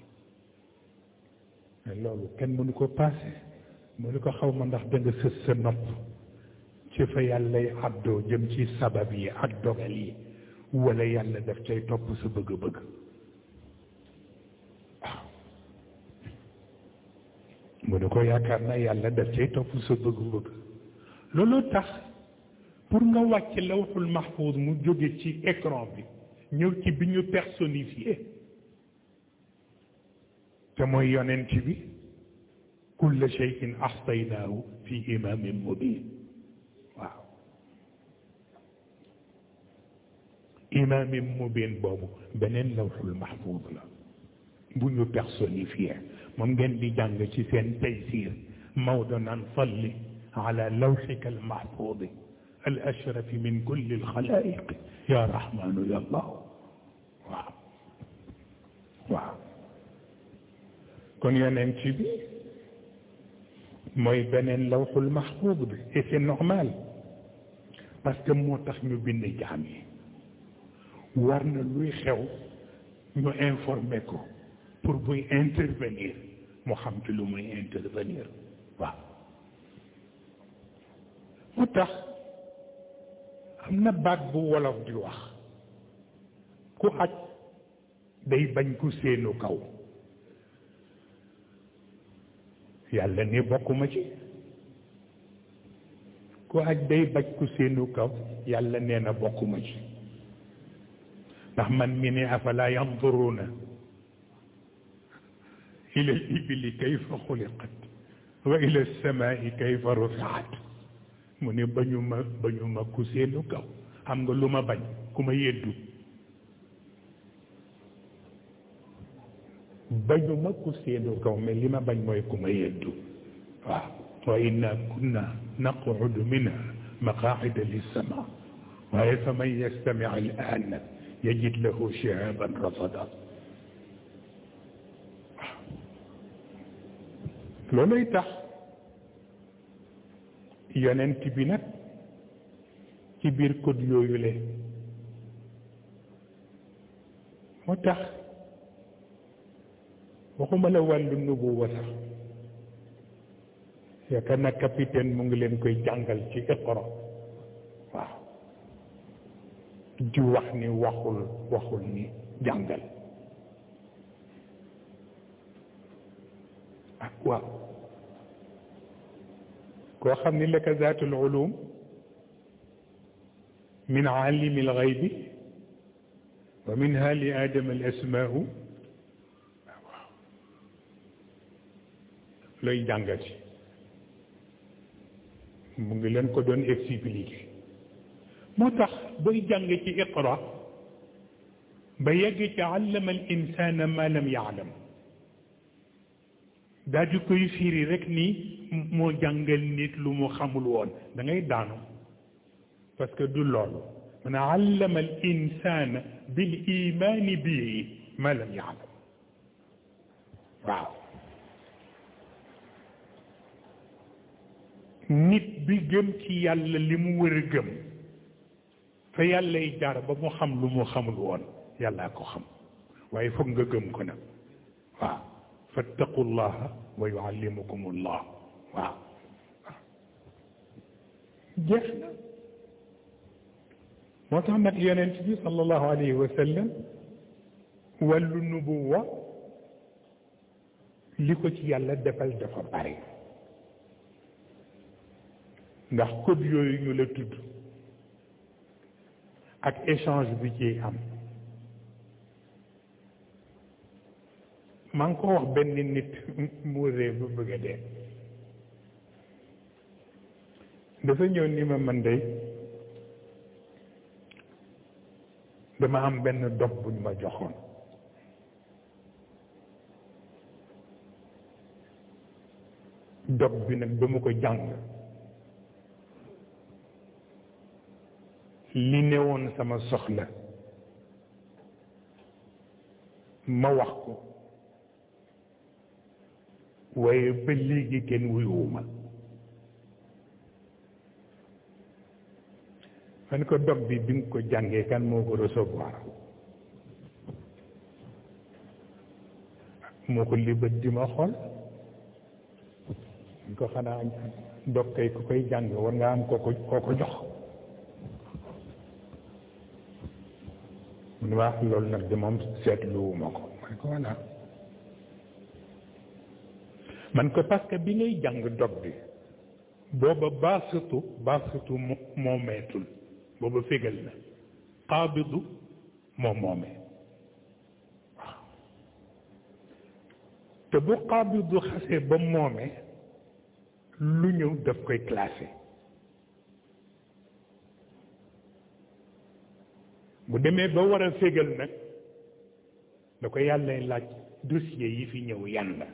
loolu kenn mënu ko paase mënu ko xaw ma ndax danga sës sa nopp ci fa yàllay àddoo jëm ci sabab yi ak dogal yi wala yàlla daf cay topp sa bëgg-bëgg mu ne ko yaakaar naa yàlla daf cay topp sa bëgg-bëgg looloo tax pour nga wàcc lawxul mahfuz mu jóge ci écran bi ñëw ci bi ñu personnifié te mooy bi kulla shay'in ahsaynaahu fi imamin mubin waaw imamin mubin boobu beneen lawxul mahfuz la bu ñu moom ngeen di jàng ci seen taysir Maodo naan salli ala lawxika almahfuudi al ashrafi min kulli alxalaayiq ya rahmanu ya allah waaw waaw kon yeneen ci bi mooy beneen lawxul mahfuud bi et c'est normal parce que moo tax ñu bind jaam yi war na luy xew ñu informé ko pour buy intervenir mu xam ci lu muy intervenir waaw mu tax am na baat bu wolof di wax ku aj day bañ ku seenu kaw yàlla ni bokkuma ci ku aj day bañ ku seenu kaw yàlla nee na bokkuma ci ndax man mi ne afala na ila ibili kayfa xuliqat wa ila samaai kayfa rufiat mu ne bañu ma bañu ma ku seenu kaw xam nga lu ma bañ ku ma yeddu bañu ma ku seenu kaw mais li ma bañ mooy ku ma yeddu waaw wa inna kunna naqudu minha maqaacida lissamaa waaye fa man yastamic al aan yajid lahu shihaban rasada loolay tax yonent bi nag ci biir code yooyu le moo tax waxuma la wàllu nubuwa sax yaakaar na capitaine mu ngi leen koy jàngal ci iqra waaw di wax ni waxul waxul ni jàngal waaw koo xam ni laka zaatul ulum min alimi alxaybi wa minha li aadama al asmaau waaw looy jàngati mu ngi leen ko doon expliquer moo tax booy jàng ci iqra ba yegg ci allama al insana ma lam yaalam daa di koy firi rek ni moo jàngal nit lu mu xamul woon da daanu parce que du loolu man allama al insana bil imani bii ma lam yaalam waaw nit bi gëm ci yàlla li mu wër a gëm fa yàllay jaar ba mu xam lu mu xamul woon yàllaa ko xam waaye foog nga gëm ko nag waaw fattaqu llaha wa yuallimukum llah waaw jeex na moo tax nag yonent bi sallallahu alayhi wa sallam wàllu nubuwa li ko ci yàlla defal dafa bare ndax code yooyu ñu la tudd ak échange bi ci am maa ngi ko wax benn nit mu ree ba bëgg dee dafa ñëw ni ma man day dama am benn dox buñ ma joxoon dox bi nag dama ko jàng li newoon sama soxla ma wax ko waaye ba léegi kenn wuyuwuma man ko dog bi bi nga ko jàngee kan moo ko recevoir moo ko libat di ma xool ñu ko xanaa dog kay ku koy jàng war nga am koo ko koo ko jox mun wax loolu nag di moom seetluwuma ko man ko voilà man ko parce bi ngay jàng dog bi booba baasitu baasitu moomeetul booba fégal na xaabidu moo moomee te bu xaabidu xasee ba moomee lu ñëw daf koy classé bu demee ba war a fégal nag da ko yàllay laaj dossier yi fi ñëw yan la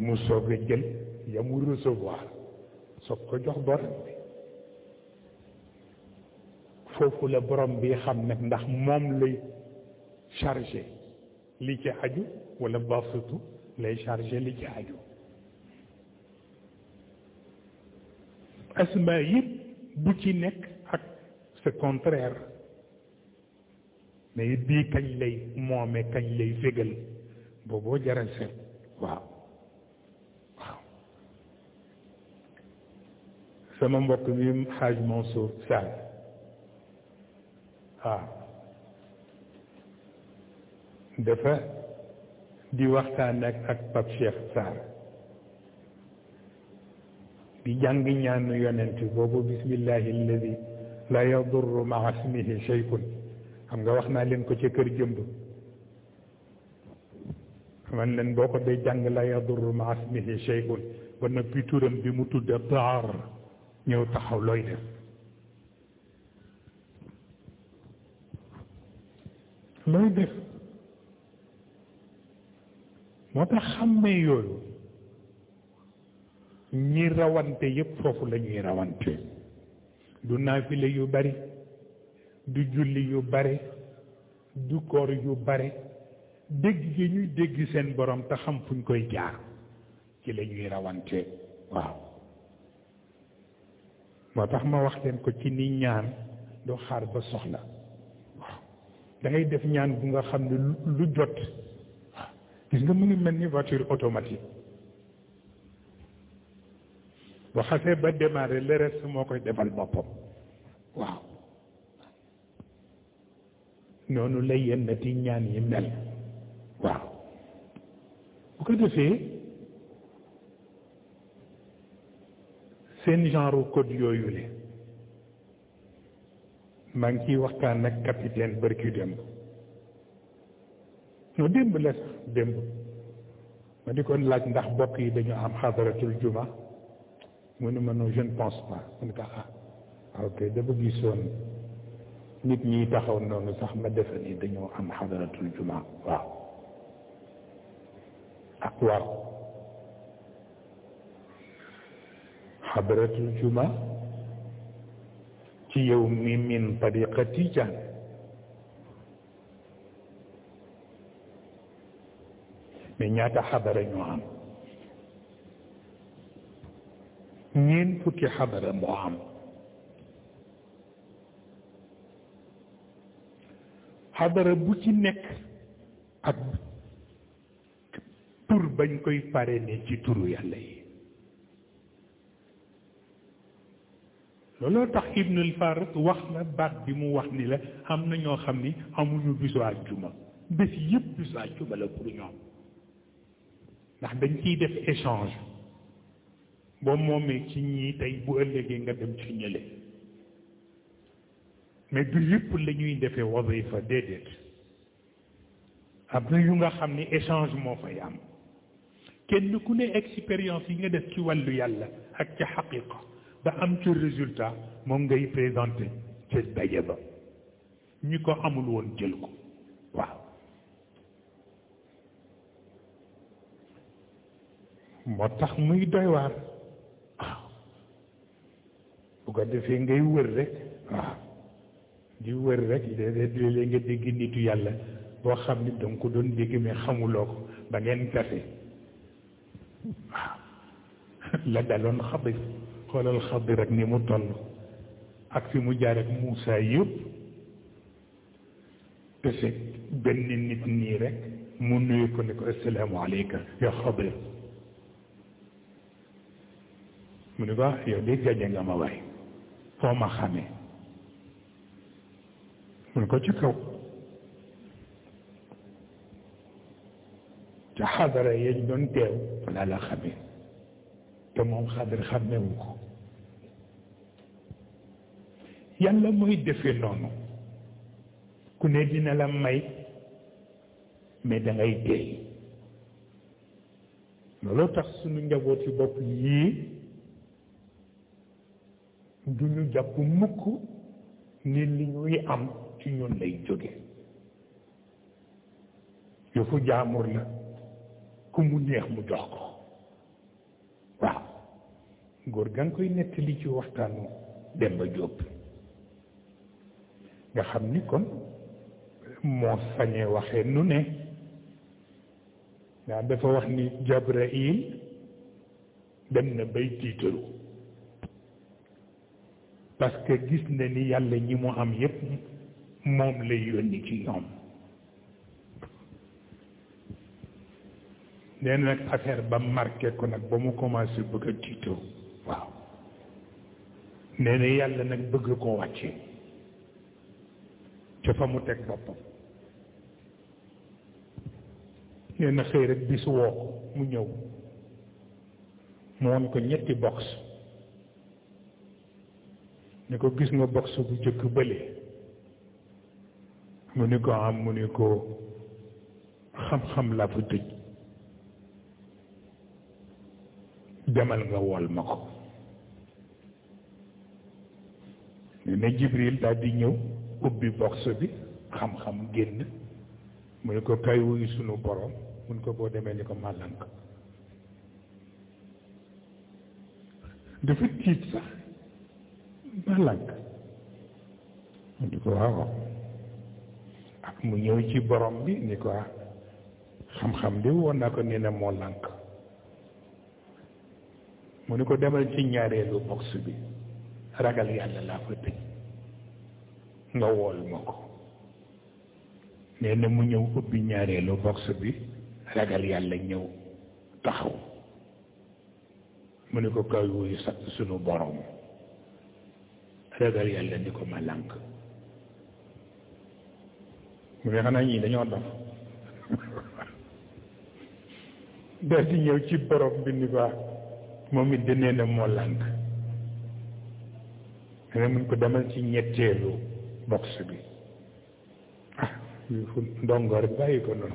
mu soog a jël ya mu recevoir soog ko jox borom bi foofu la borom bi xam nag ndax moom lay chargé li ci aju wala basitu lay chargé li ci aju asma yëpp bu ci nekk ak c'est contraire mais bii kañ lay moome kañ lay fégal booboo jara seet waaw sama mbokk bi xaaj Mansour Sall waaw ah. dafa di waxtaan ak ak Pape Cheikh Sarr di jàng ñaanu yonent boobu bismillahi alladi la yadurru maa ismihi shay'un xam nga wax naa leen ko ci kër jëmb man leen boo ko dee jàng la yadurru maa ma shay'un ba noppi turam bi mu tudde taar ñëw taxaw looy def looy def moo tax xàmmee yooyu ñi rawante yépp foofu la ñuy rawante du naafile yu bari du julli yu bari du koor yu bari dégg gi ñuy dégg seen borom te xam fuñ koy jaar ci lañuy ñuy rawante waaw moo tax ma wax leen ko ci ni ñaan doo xaar ba soxla waaw da def ñaan bu nga xam ne lu jot waaw gis nga mu ngi mel ni voiture automatique boo xasee ba démarrer le reste moo koy defal boppam waaw noonu la yenn ti ñaan yi mel waaw bu ko defee seen genre code yooyu le maa ngi ciy waxtaan nag capitaine bërki démb ñu démb la sax démb ma di kon laaj ndax bokk yi dañu am xadaratul juma mu ne ma non je ne pas mu ne ko ah, ah ok dafa gisoon nit ñi taxaw noonu sax ma defe ni dañoo am xadaratul juma waaw hadratul juma ci yow mi min tariqa tijaan mais xabara ñoo am ñeen fukki xabara moo am xabara bu ci nekk ak tur bañ koy pare ne ci turu yàlla yi looloo tax Ibnul Farid wax la baat bi mu wax ni la am na ñoo xam ni amuñu bisu àjjuma bés yëpp bisu àjjuma la pour ñoom ndax dañ ciy def échange boo moomee ci ñii tey bu ëllëgee nga dem ci ñële mais du yépp la ñuy defee wazifa déedéet am na yu nga xam ni échange moo fay am kenn ku ne expérience yi nga def ci wàllu yàlla ak ca xaqiqa ba am ci résultat moom ngay présenté ca daje ba ñi ko amul woon jël ko waaw moo tax muy doy waar waaw bu ko defee ngay wër rek waaw di wër rek léeg-léeg nga dégg nitu yàlla boo xam ni danga ko doon dégg xamuloo ko ba ngeen gase waaw la daloon xabis xoolal Xadir rek ni mu toll ak fi mu jaar ak Muusa yëpp te si benn nit nii rek mu nuyu ko ne ko assalaamu aleyka ya Xadir mu ne ko ah yow de ma waay foo ma xamee mu ne ko ci kaw ca xadara yeñ doon teew wala la xamee te moom xadir xàmmewu ko yàlla mooy defe noonu ku ne dina la may mais da ngay looloo tax suñu njaboot yi bopp yii du ñu jàpp mukk ni li ñuy am ci ñun lay jóge yëfu jaamur la ku mu neex mu jox ko waaw góor ga nga koy nettali ci waxtaanu Demba Diop nga xam ni kon moo sañee waxee nu ne ndax dafa wax ni Jabrail dem na bay tiitaru parce gis na ni yàlla ñi mu am yépp moom lay yónni ci ñoom nee nag affaire ba marqué kon nag ba mu commencé bëgg a nee na yàlla nag bëgg koo wàcce ca mu teg boppam nee na xëy rek bisu woo ko mu ñëw mu ko ñetti box ni ko gis nga box bu jëkk bële mu ni ko am mu ni ko xam-xam laa fa tëj demal nga wol ma ko ne Jibril daal ñëw ubbi box bi xam-xam génn mu ne ko kay wuyu sunu borom mun ko boo demee ni ko màllank dafa tiit sax màllank mu ne ko waaw ak ah, mu ñëw ci borom bi ni ko ah, xam-xam de woon naa ko nee moo lànk mu ne ko demal ci ñaareelu box bi ragal yàlla laa ko tëj nga wool ma ko mu ñëw ubbi ñaareelu box bi ragal yàlla ñëw taxaw mu ne ko kaw wuyu sax sunu borom ragal yàlla ni ko ma lànk mu ne xanaa ñii dañoo dof daal di ñëw ci borom bi ni ko moom it de moo lànk nga mun ko demal ci ñetteelu box bi ah ndongo rek bàyyi ko noonu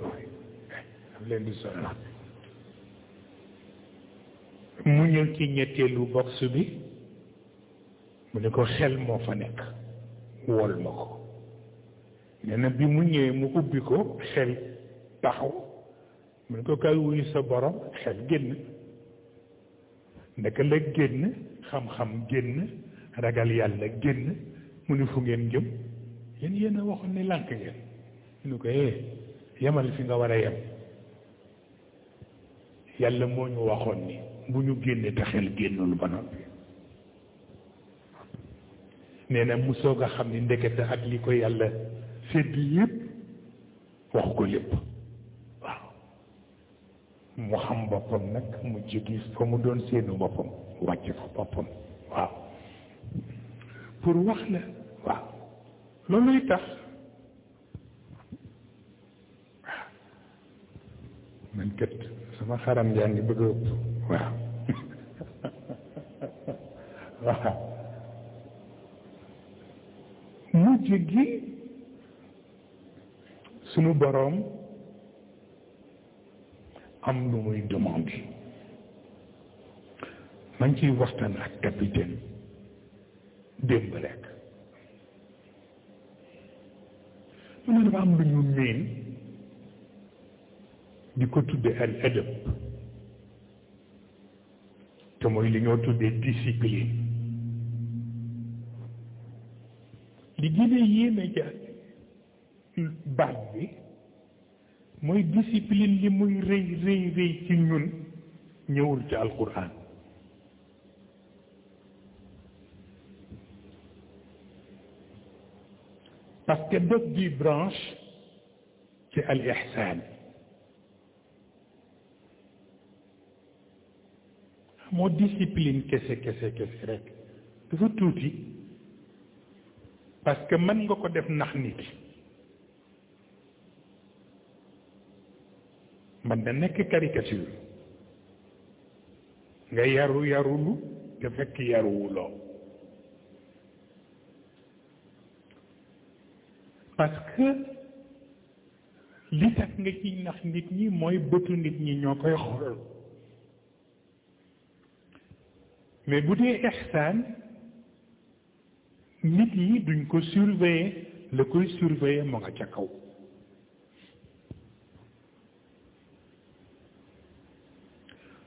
waaye ci ñetteelu box bi mu ne ko xel moo fa nekk wol ko nee na bi mu ñëwee mu ubbi ko xel taxaw mu ko kay wuyu sa borom xel génn naka la génn xam-xam génn ragal yàlla génn mu ni fu ngeen jëm yéen yéen waxoon ni lànk ngeen ñu ko eh yemal fi nga war a yem yàlla moo ñu waxoon ni bu ñu génnee te xel génnul ba noppi nee na mu soog a xam ni ndekete ak li ko yàlla sedd yépp wax ko lépp waaw mu xam boppam nag mu jéggi fa mu doon seenu boppam wàcc fa boppam waaw pour wax la waaw looluy tax waaw man kët sama xaram yaa ngi bëgg a ëpp waaw waaw mujj gi sunu boroom am lu muy demande man ciy waxtaan ak capitaine démb rek mu ne am lu ñu miin di ko tudde al adab te mooy li ñoo tuddee discipline li gën a yéeme ja bi mooy discipline li muy rëy rëy rëy ci ñun ñëwul ci alquran parce que dog gi branche ci al ihsaan moo discipline kese kese kese rek dafa tuuti parce mën nga ko def nax nit mën na nekk caricature nga yaru yarulu te fekk yaruwuloo parce que li tax nga ci nax nit ñi mooy bëtu nit ñi ñoo koy xool mais bu dee ixsaan nit ñi duñ ko surveiller la koy surveiller mu nga ca kaw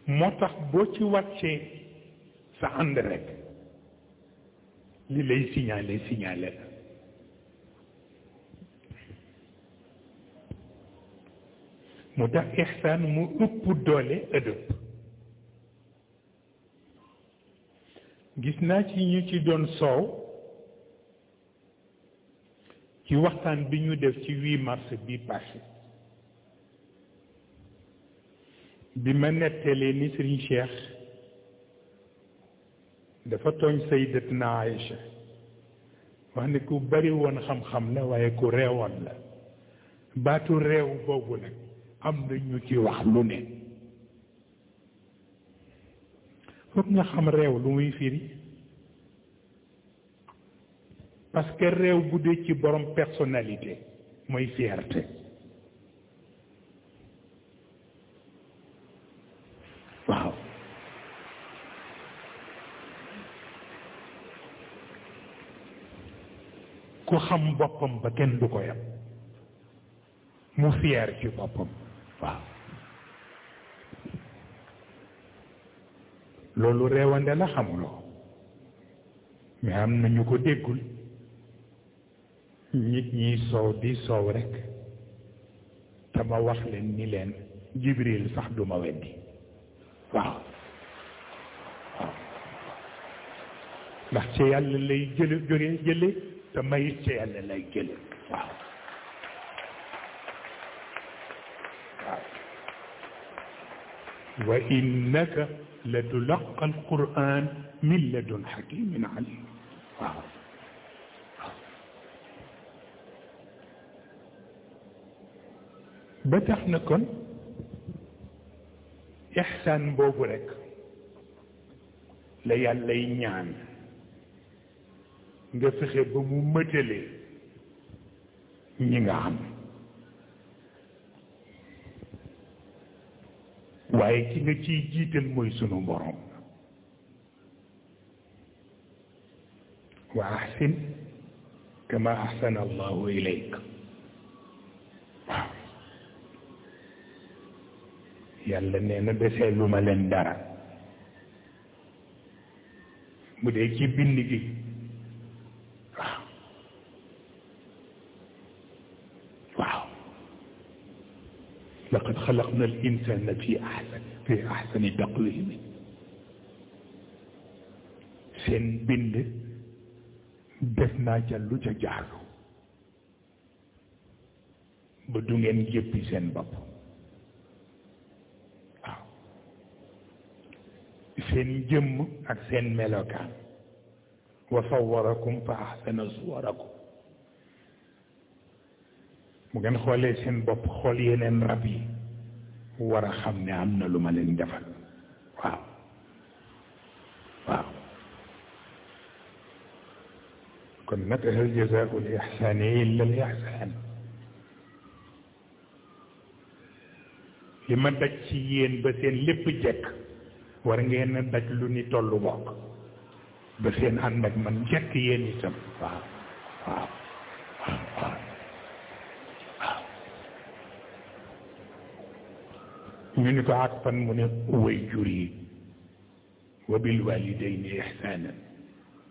moo tax boo ci wàccee sa ànd rek li lay signaler signaler mu tax ixsaan mu ëpp doole ëdëb gis naa ci ñu ci doon soow ci waxtaan bi ñu def ci huit mars bi passé bi ma nettalee ni Serigne Cheikh dafa tooñ Sayyidatna Aïcha wax ne ku bari woon xam-xam la waaye ku reewoon la baatu reew boobu nag am na ñu ci wax lu ne foog nga xam réew lu muy firi parce réew bu dee ci borom personnalité mooy fierté waaw ku xam boppam ba kenn du ko yam mu fier ci boppam waaw loolu reewande la xamuloo mais am na ñu ko déggul nit ñiy soow di soow rek te ma wax leen ni leen jibril sax du ma waaw ndax ci yàlla lay jële jóge jële te mayit ci yàlla lay jële waaw wa innaka la tulaqqa alquran min ladun hakimin alim waaw ba tax na kon ixsaan boobu rek la yàllay ñaan nga fexe ba mu mëtalee ñi nga am waaye ki nga ciy jiital mooy sunu borom wa ahsin kama ahsana allahu ilayk yàlla nee na desee lu ma leen dara bu dee ci bind gi لقد خلقنا الإنسان في أحسن في أحسن تقويم seen bind def naa ca lu ca jaadu ba du ngeen jéppi seen bopp waaw seen jëmm ak seen melokaan wa sawwarakum fa ahsana suwarakum bu ngeen xoolee seen bopp xool yeneen rab yi war a xam ne am na lu ma leen defal waaw waaw kon nag hal jazaa'u l ihsaani illa l ihsaan li ma daj ci yéen ba seen lépp jekk war ngeen a daj lu ni tollu bokk ba seen ànd ak man jekk yéen itam waaw waaw ñu ni ko àttan mu ne way jur yi wa bil walidayni ihsaanan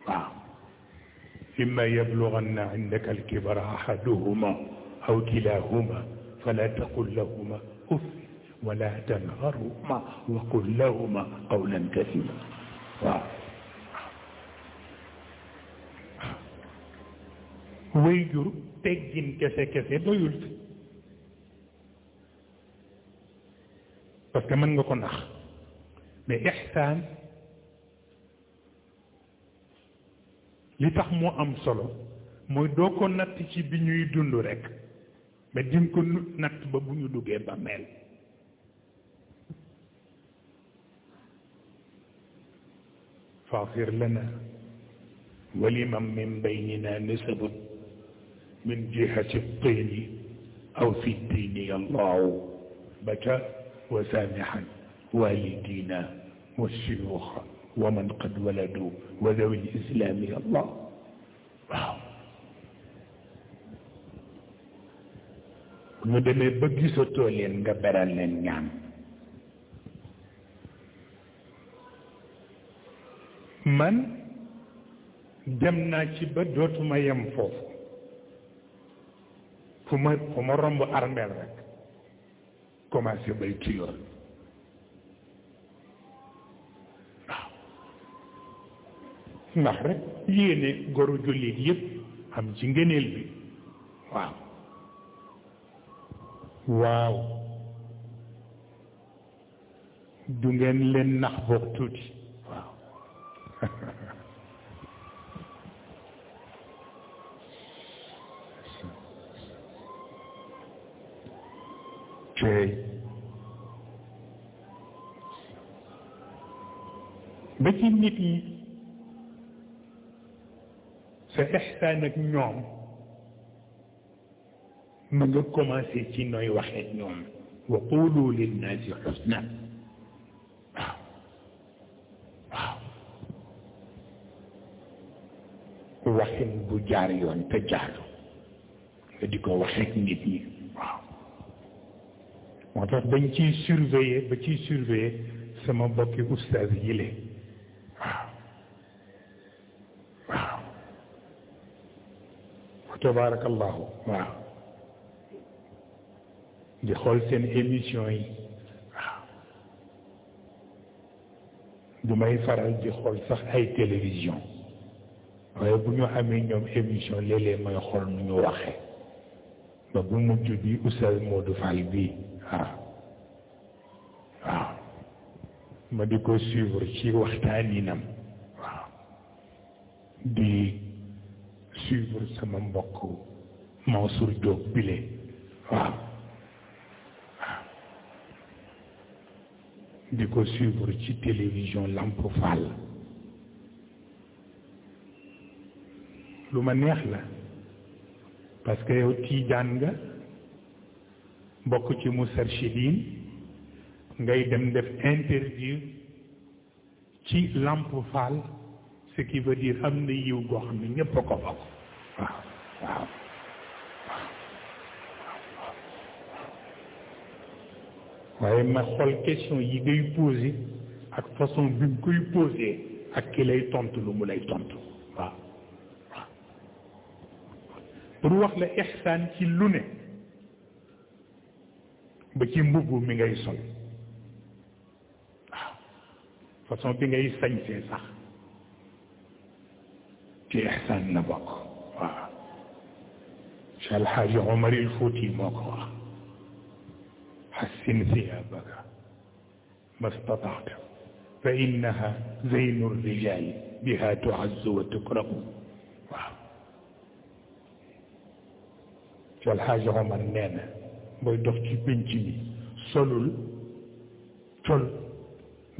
waaw imma yablughanna indaka alkibara ahaduhuma aw kilahuma fala taqul lahuma uff wala tanharhuma wa qul lahuma qawlan kasiira waaw way jur teggin kese kese doyul parce que mën nga ko ndax mais ixsaan li tax moo am solo mooy doo ko natt ci bi ñuy dund rek mais dinga ko natt ba bu ñu duggee ba meel faafir lana waliman min baynina nasabun min jihati tini aw fi dini allahu ba ca وسامحا والدينا والشيوخ ومن قد ولدوا وذوي الإسلام الله waaw ñu demee ba gisatoo leen nga beral leen ñaan man dem naa ci ba dootuma yem foofu fu ma fu ma romb armeel rek commencé bay tuyoon waaw ndax rek yéene goru jullit yépp am ci ngëneel bi waaw waaw du leen nax boog tuuti teey ba ci nit yi sa ixsaan ak ñoom ma nga ci nooy waxee ñoom wa qulu linnaasi xusna waaw waxin bu jaar yoon te jaaru nga di ko waxee nit yi moo tax dañ ciy surveiller ba ciy surveiller sama bokki oustaz yile waaw waaw wa tabarakallahu waaw di xool seen émission yi waaw du may faral di xool sax ay télévision waaye bu ñu amee ñoom émission léeg may xool nu ñu waxee ba bu mujj bi oustaz Modou Fall bii waaw ah. waaw ma di ko suivre ci waxtaaninam waaw di suivre sama mbokk Mansour Diop bile waaw waaw ah. di ko suivre ci télévision Lamp Fall lu ma neex la parce que tiijaan nga bokk ci musarshidin ngay dem def interview ci Lamp Fall ce qui veut dire am na yiw goo xam ne ñépp a ko waaw waaw waaye ma xool question yi ngay posé ak façon bi nga koy posé ak ki lay tontu lu mu lay tontu waaw pour wax la ihsaan ci lu ne ba ci mbubb mi ngay sol waaw façon bi ngay sañsee sax ci ihsaan na bokk waaw Cheikh El Hadji Omar il Fouti moo ko wax hassin thiyaabaka mastata'ta fa innaha zeynu rijaali biha tu'azzu wa tukramu waaw Cheikh El Hadji Omar nee na booy dox ci pénc mi solul col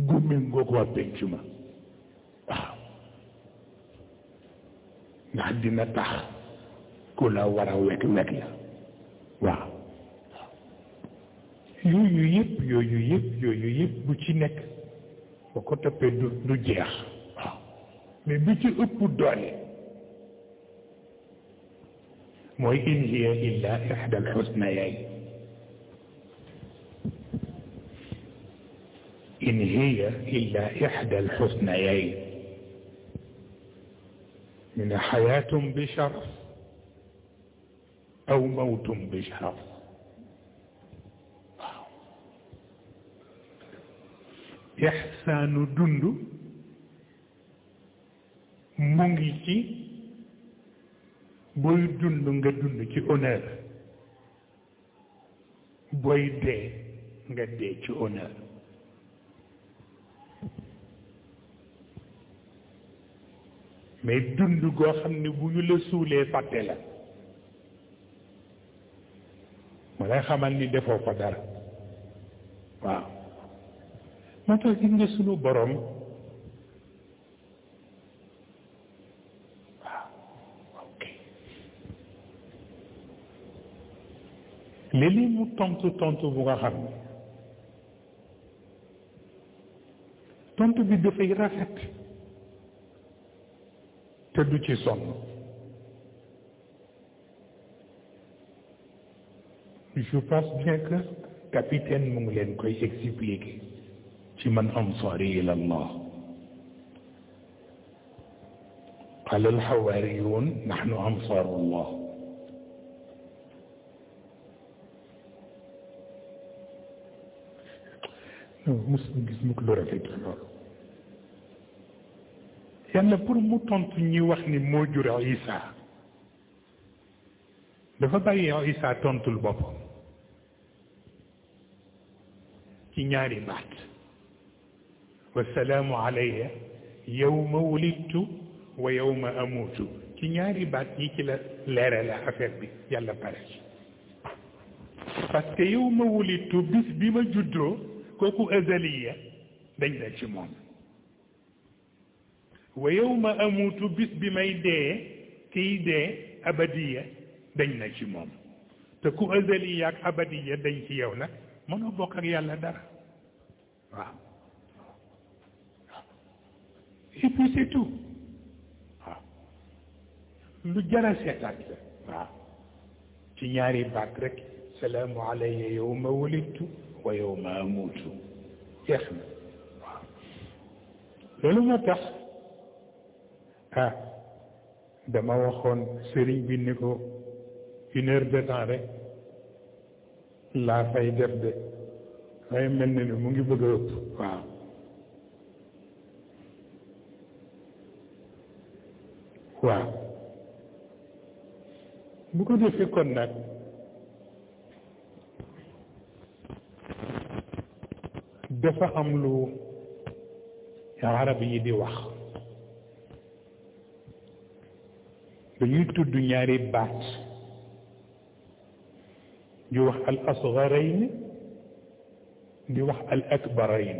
gummi ngoo ko waa pénc ma waaw ndax dina tax ku la war a wekk wekk la waaw yooyu yëpp yooyu yëpp yooyu yëpp bu ci nekk boo ko toppee du du jeex waaw mais bi ci ëpp doole mooy in hiya illa ihda al husnayayni إن هي إلا إحدى الحسنيين من حياة بشرف أو موت بشرف ihsaanu dund mu ngi ci booy dund nga dund ci honneur booy dee nga dee ci honneur mais dund goo xam ne bu ñu la suulee fàtte la mu lay xamal ni defoo ko dara waaw moo tax gis nga sunu borom waaw ok léeg-léeg mu tontu tontu bu nga xam ne tontu bi dafay rafet te ci sonn je capitaine mu ngi leen koy expliquer ci man ansaari ila allah qala alxawaariyuun naxnu ansaaru allah mos na gis mukk yàlla pour mu tontu ñi wax ni moo jur Isa dafa bàyyi Isa tontul boppam ci ñaari baat wasalaamu alayya yawma wulidtu wa yawma amuutu ci ñaari baat yi ci la leere la affaire bi yàlla pare parce que yawma wulidtu bis bi ma juddoo kooku azaliya dañ la ci moom wa ma amutu bis bi may dee kiy dee abadiya dañ na ci moom te ku azali yaak abadiya dañ ci yow na mënoo bokk ak yàlla dara waaw lu jara seetaat la ci ñaari baat rek salaamu alayya yawma wulidtu wa yawma amutu jeex na waaw loolu moo tax ah dama waxoon sëriñ bi ni ko une heure rek laa fay def de waaye mel na ni mu ngi bëgg a ëpp waaw waaw bu ko defee kon nag dafa am lu arab yi di wax dañuy tudd ñaari baat di wax al asgarayn di wax al akbarayn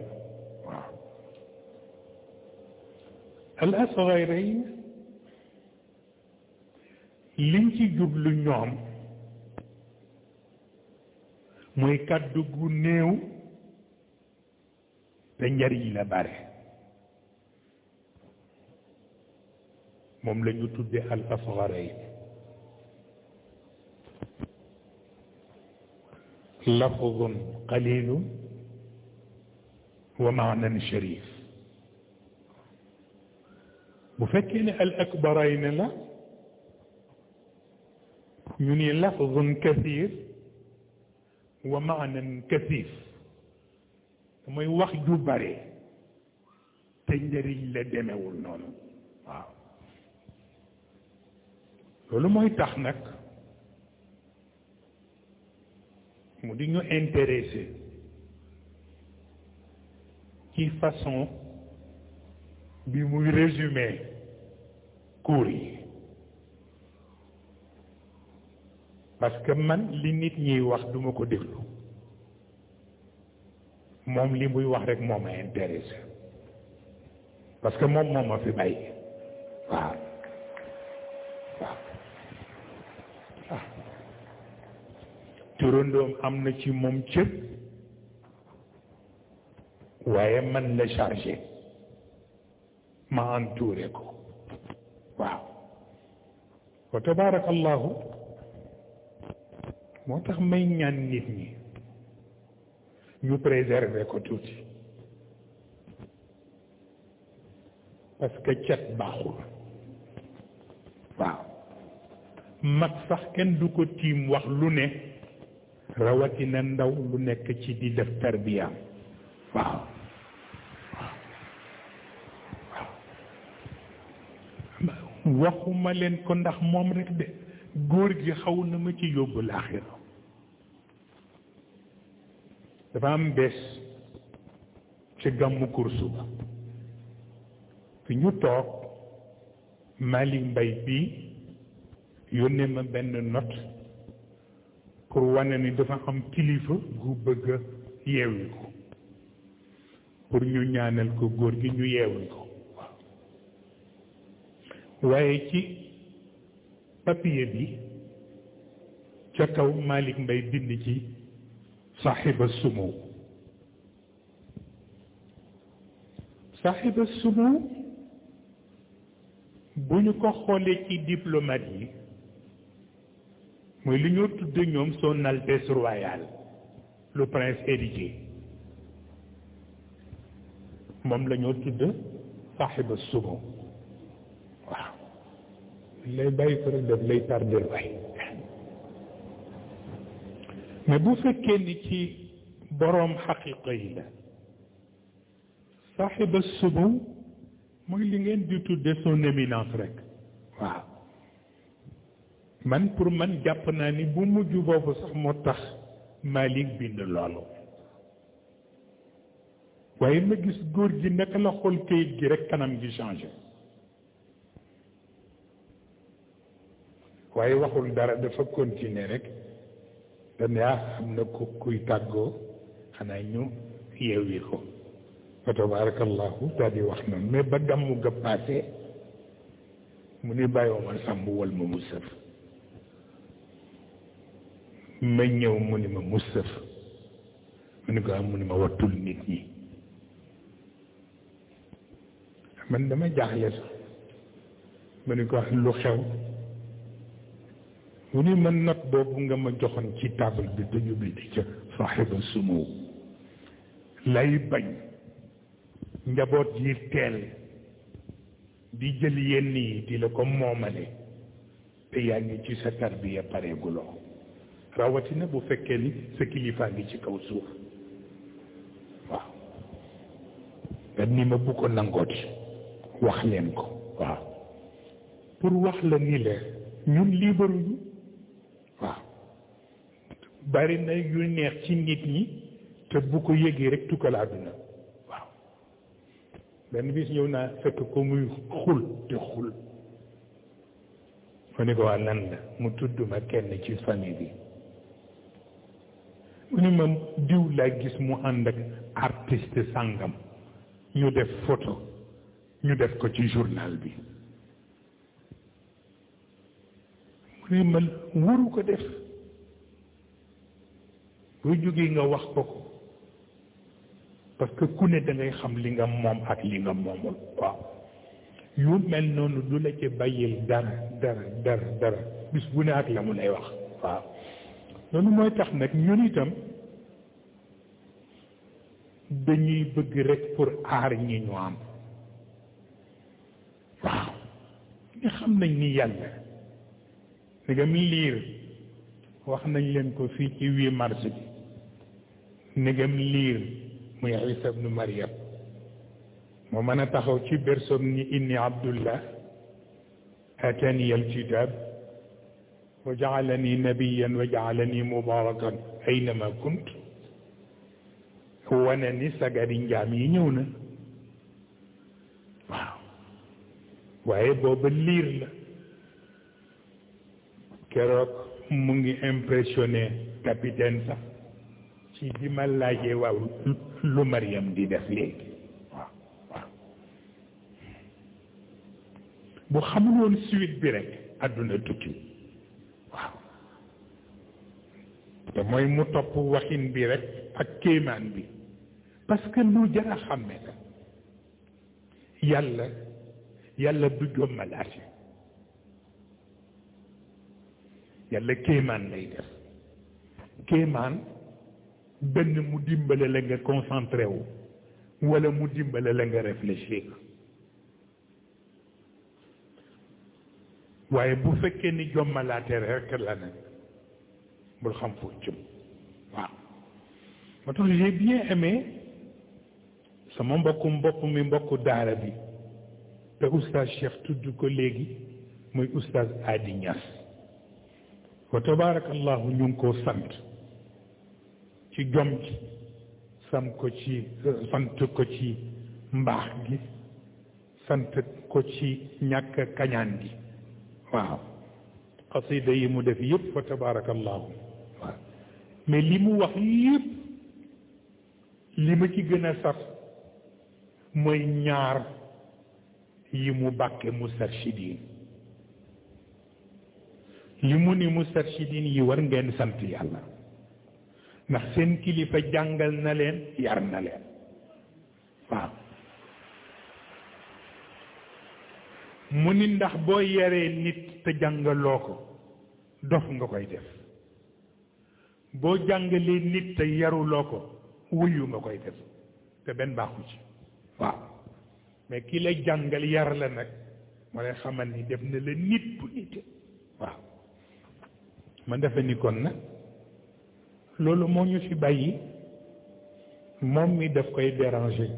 al asgarayn liñ ci jublu ñoom mooy kàddu gu néew te njariñ la bare moom la ñu tudde al asxarayn lafzun qalilun wa maanan sharif bu fekkee ne al akbarayn la ñu ni lafzun kathir wa maanan kathif mooy wax ju bare te njëriñ la demewul noonu loolu mooy tax nag mu di ñu intéressé ci façon bi muy résumé cours yi parce man li nit ñuy wax duma ko déglu moom li muy wax rekk moo ma intéressé parce que moom moo ma fi bàyyi waaw turandoom am na ci moom cër waaye man la chargé ma entouré ko waaw wa tabarakallahu moo tax may ñaan nit ñi ñu préserver ko tuuti parce que baaxul waaw mag sax kenn du ko tiim wax lu ne rawatina ndaw lu nekk ci di def tarbiyaam waaw waxuma ko ndax moom rek de góor gi xaw na ma ci yóbbu laaxira dafa am bés ci gàmmu kursu ba fi ñu toog Mali Mbay bii yónnee ma benn note pour wane ni dafa am kilifa gu bëgg a yeewi ko pour ñu ñaanal ko góor gi ñu yeewi ko waaye ci papier bi ca kaw Malick Mbaye bind ci saxiba sumu saxiba sumu bu ñu ko xoolee ci diplomate yi mooy li ñoo tudde ñoom son altesse royale le prince héritier moom la ñoo tudd a sumo waaw lay bàyyi ko rek lay tardel way mais bu fekkee ni ci boroom xaqiqa yi la saxiba sumo mooy li ngeen di tudde son éminence rek waaw man pour man jàpp naa ni bu mujj boobu sax moo tax Malick bind loolu waaye ma gis góor gi naka la xool kayit gi rek kanam gi changé waaye waxul dara dafa continuer rek dane ah xam na ku kuy tàggoo xanaa ñu yeewi ko fa tabarakallahu daal di wax noonu mais ba gàmmu ga passé mu ni bàyyi ma sàmm wal ma mu sëf ma ñëw mu ni ma Moustapha mu ni ko am ah, mu ni ma wattul nit ñi man dama jaaxle sax ah, mu ni ko lu xew lu ni ma not boobu nga ma joxoon ci taabal bi te yóbbee ca saaxiba sumu lay bañ njaboot yi teel di jël yenn yi di la ko moomale te yaa ngi ci sa tarbiya pareeguloo rawatina bu fekkee ni sa kilifaa ngi ci kaw suuf waaw nga ni ma bu ko nangooti wax leen ko waaw pour wax la ni la ñun liibaruñu waaw bari na yu neex ci nit ñi te bu ko yégee rek tukkal àdduna waaw benn bis ñëw naa fekk ko muy xul te xul ma ni ko waa lan la mu tudd ma kenn ci famille bi mu ni ma diw laa gis mu ànd ak artiste sàngam ñu def photo ñu def ko ci journal bi mu ni ma waru ko def boo jógee nga wax ko ko parce ku ne da xam li nga moom ak li nga moomul waaw yu mel noonu du la ci bàyyil dara dara dara dara bis bu ne ak la mu lay wax waaw loolu mooy tax nag ñun itam dañuy bëgg rek pour aar ñi ñu am waaw ñu xam nañ ni yàlla ndegam liir wax nañ leen ko fii ci huit mars bi ndegam liir muy Isa ibnu Maryam moo mën a taxaw ci bersom ni inni abdullah atani al kitab wa jaalani nabiyan wa jaalani mubarakan aynama kunt wane ni sagari njaam yi ñëw na waaw liir la keroog mu ngi impressionné capitaine sax ci bi ma laajee lu Mariam di def léegi bu xamuloon suite bi rek àdduna te mooy mu topp waxin bi rek ak kéemaan bi parce que lu jar a la yàlla yàlla du jommalaate yàlla kéemaan lay def kéemaan benn mu dimbale la nga concentré wu wala mu dimbale la nga réfléchir waaye bu fekkee ni jommalaate rek la nag bul xam foo jëm waaw moo tax j'ai bien aimé sama mbokku mbokk mi mbokku daara bi te oustaz Cheikh tudd ko léegi muy oustaz Adi Niass wa tabaarakallahu koo sant ci jom ji sam ko ci sant ko ci mbaax gi sant ko ci ñàkk kañaan gi waaw xasida yi mu def yëpp fa tabaarakallahu mais li mu wax yépp li ma ci gën a saf mooy ñaar yi mu bàkke mustarshidin li mu ni mustarshidin yi war ngeen sant yàlla ndax seen kilifa jàngal na leen yar na leen waaw mu ni ndax boo yaree nit te jàngaloo ko dof nga koy def boo jàngalee nit te yaruloo ko wuyu nga koy def te benn baaxu ci waaw mais ki la jàngal yar la nag moo lay xamal ni def na la nit bu nite waaw ma defe ni kon nag loolu moo ñu ci bàyyi moom mi daf koy déranger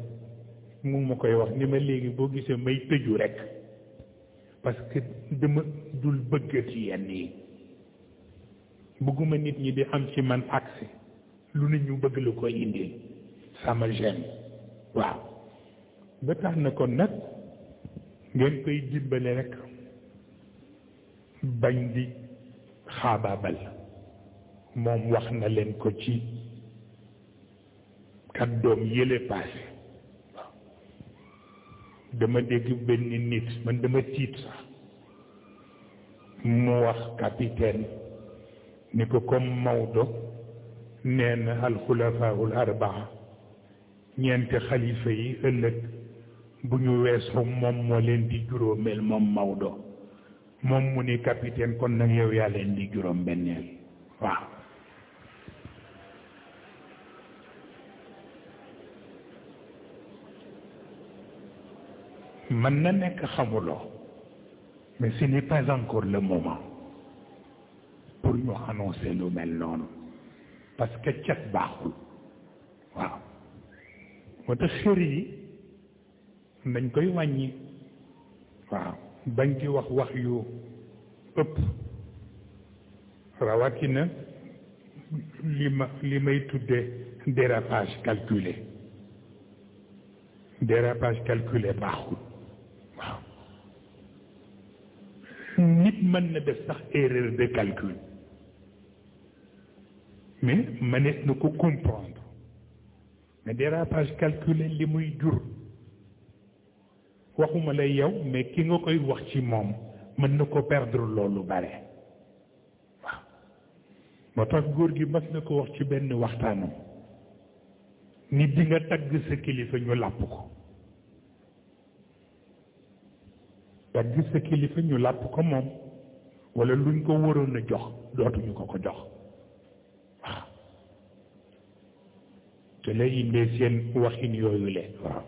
mu ma koy wax ni ma léegi boo gisee may tëju rek parce que dama dul bëgg ci yenn yi bëgguma nit ñi di am ci man accès lu ne ñu bëgg la koy indil sama gêne waaw ba tax na ko nag ngeen koy dimbale rek bañ di xaabaabal moom wax na leen ko ci kàddoom yële paase waaw dama dégg benn nit man dama tiit sax mu wax capitaine ni ko comme Maodo nee na alxulafaahul arbaa ñeenti xalifa yi ëllëg bu ñu weesoo moom moo leen di juróomeel moom Maodo moom mu ni capitaine kon nag yow yaa leen di juróom benneel waaw mën na nekk xamuloo mais ce n'est pas encore le moment ñu annoncé lu mel noonu parce que baaxul waaw moo tax xër yi nañ koy wàññi waaw bañ ci wax wax yu ëpp rawatina li ma li may tuddee dérapage calculé dérapage calculé baaxul waaw nit mën na def sax erreur de calcul mais mënees na ko comprendre mais dérapage calculé li muy jur waxuma la yow mais ki nga koy wax ci moom mën na ko perdre loolu bare waaw moo tax góor gi mas na ko wax ci benn waxtaanam ni di nga tagg sa kilifa ñu làpp ko tagg sa kilifa ñu làpp ko moom walla luñ ko waroon a jox dootuñu ko ko jox te la indee seen waxin yooyu le waaw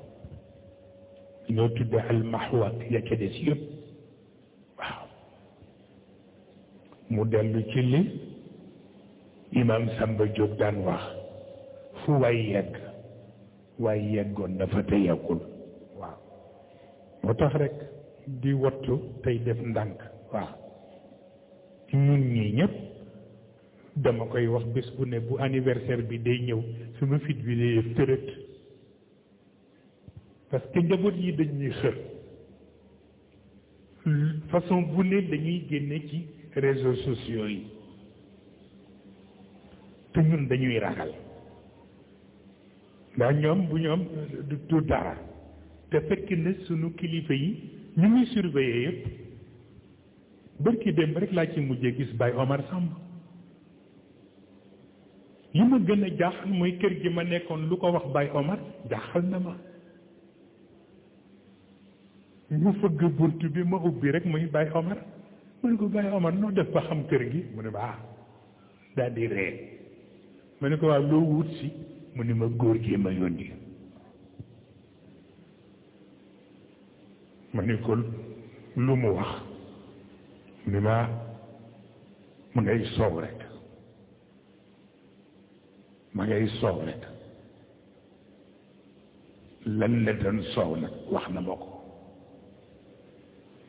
ñoo tudde almaxwaat ya ca des yëpp waaw mu dellu ci li imam Samba Diop daan wax fu waay yegg waay yeggoon na te yeggul waaw moo tax rek di wattu tey def ndànk waaw ñun ñi ñëpp dama koy wax bés bu ne bu anniversaire bi day ñëw suma fit bi day yëf tërët parce que njaboot yi dañuy xër façon bu ne dañuy génne ci réseaux sociaux yi te ñun dañuy ragal ndax ñoom bu ñoom du dara te fekk na sunu kilifa yi ñu muy surveiller yëpp bërki démb rek laa ci mujjee gis baay Omar Samb li ma gën a jaaxal mooy kër gi ma nekkoon lu ko wax Baye Omar jaaxal na ma ñu fëgg bunt bi ma ubbi rek muy Baye Omar ma ne ko Baye Omar noo def ba xam kër gi mu ne ma ah daal ree ma ne ko waaw loo wut mu ne ma góor gi ma yónni ma ne ko lu mu wax mu ne ma mu ngay soow rek ma ngay soow rek lan la doon soow nag wax na ma ko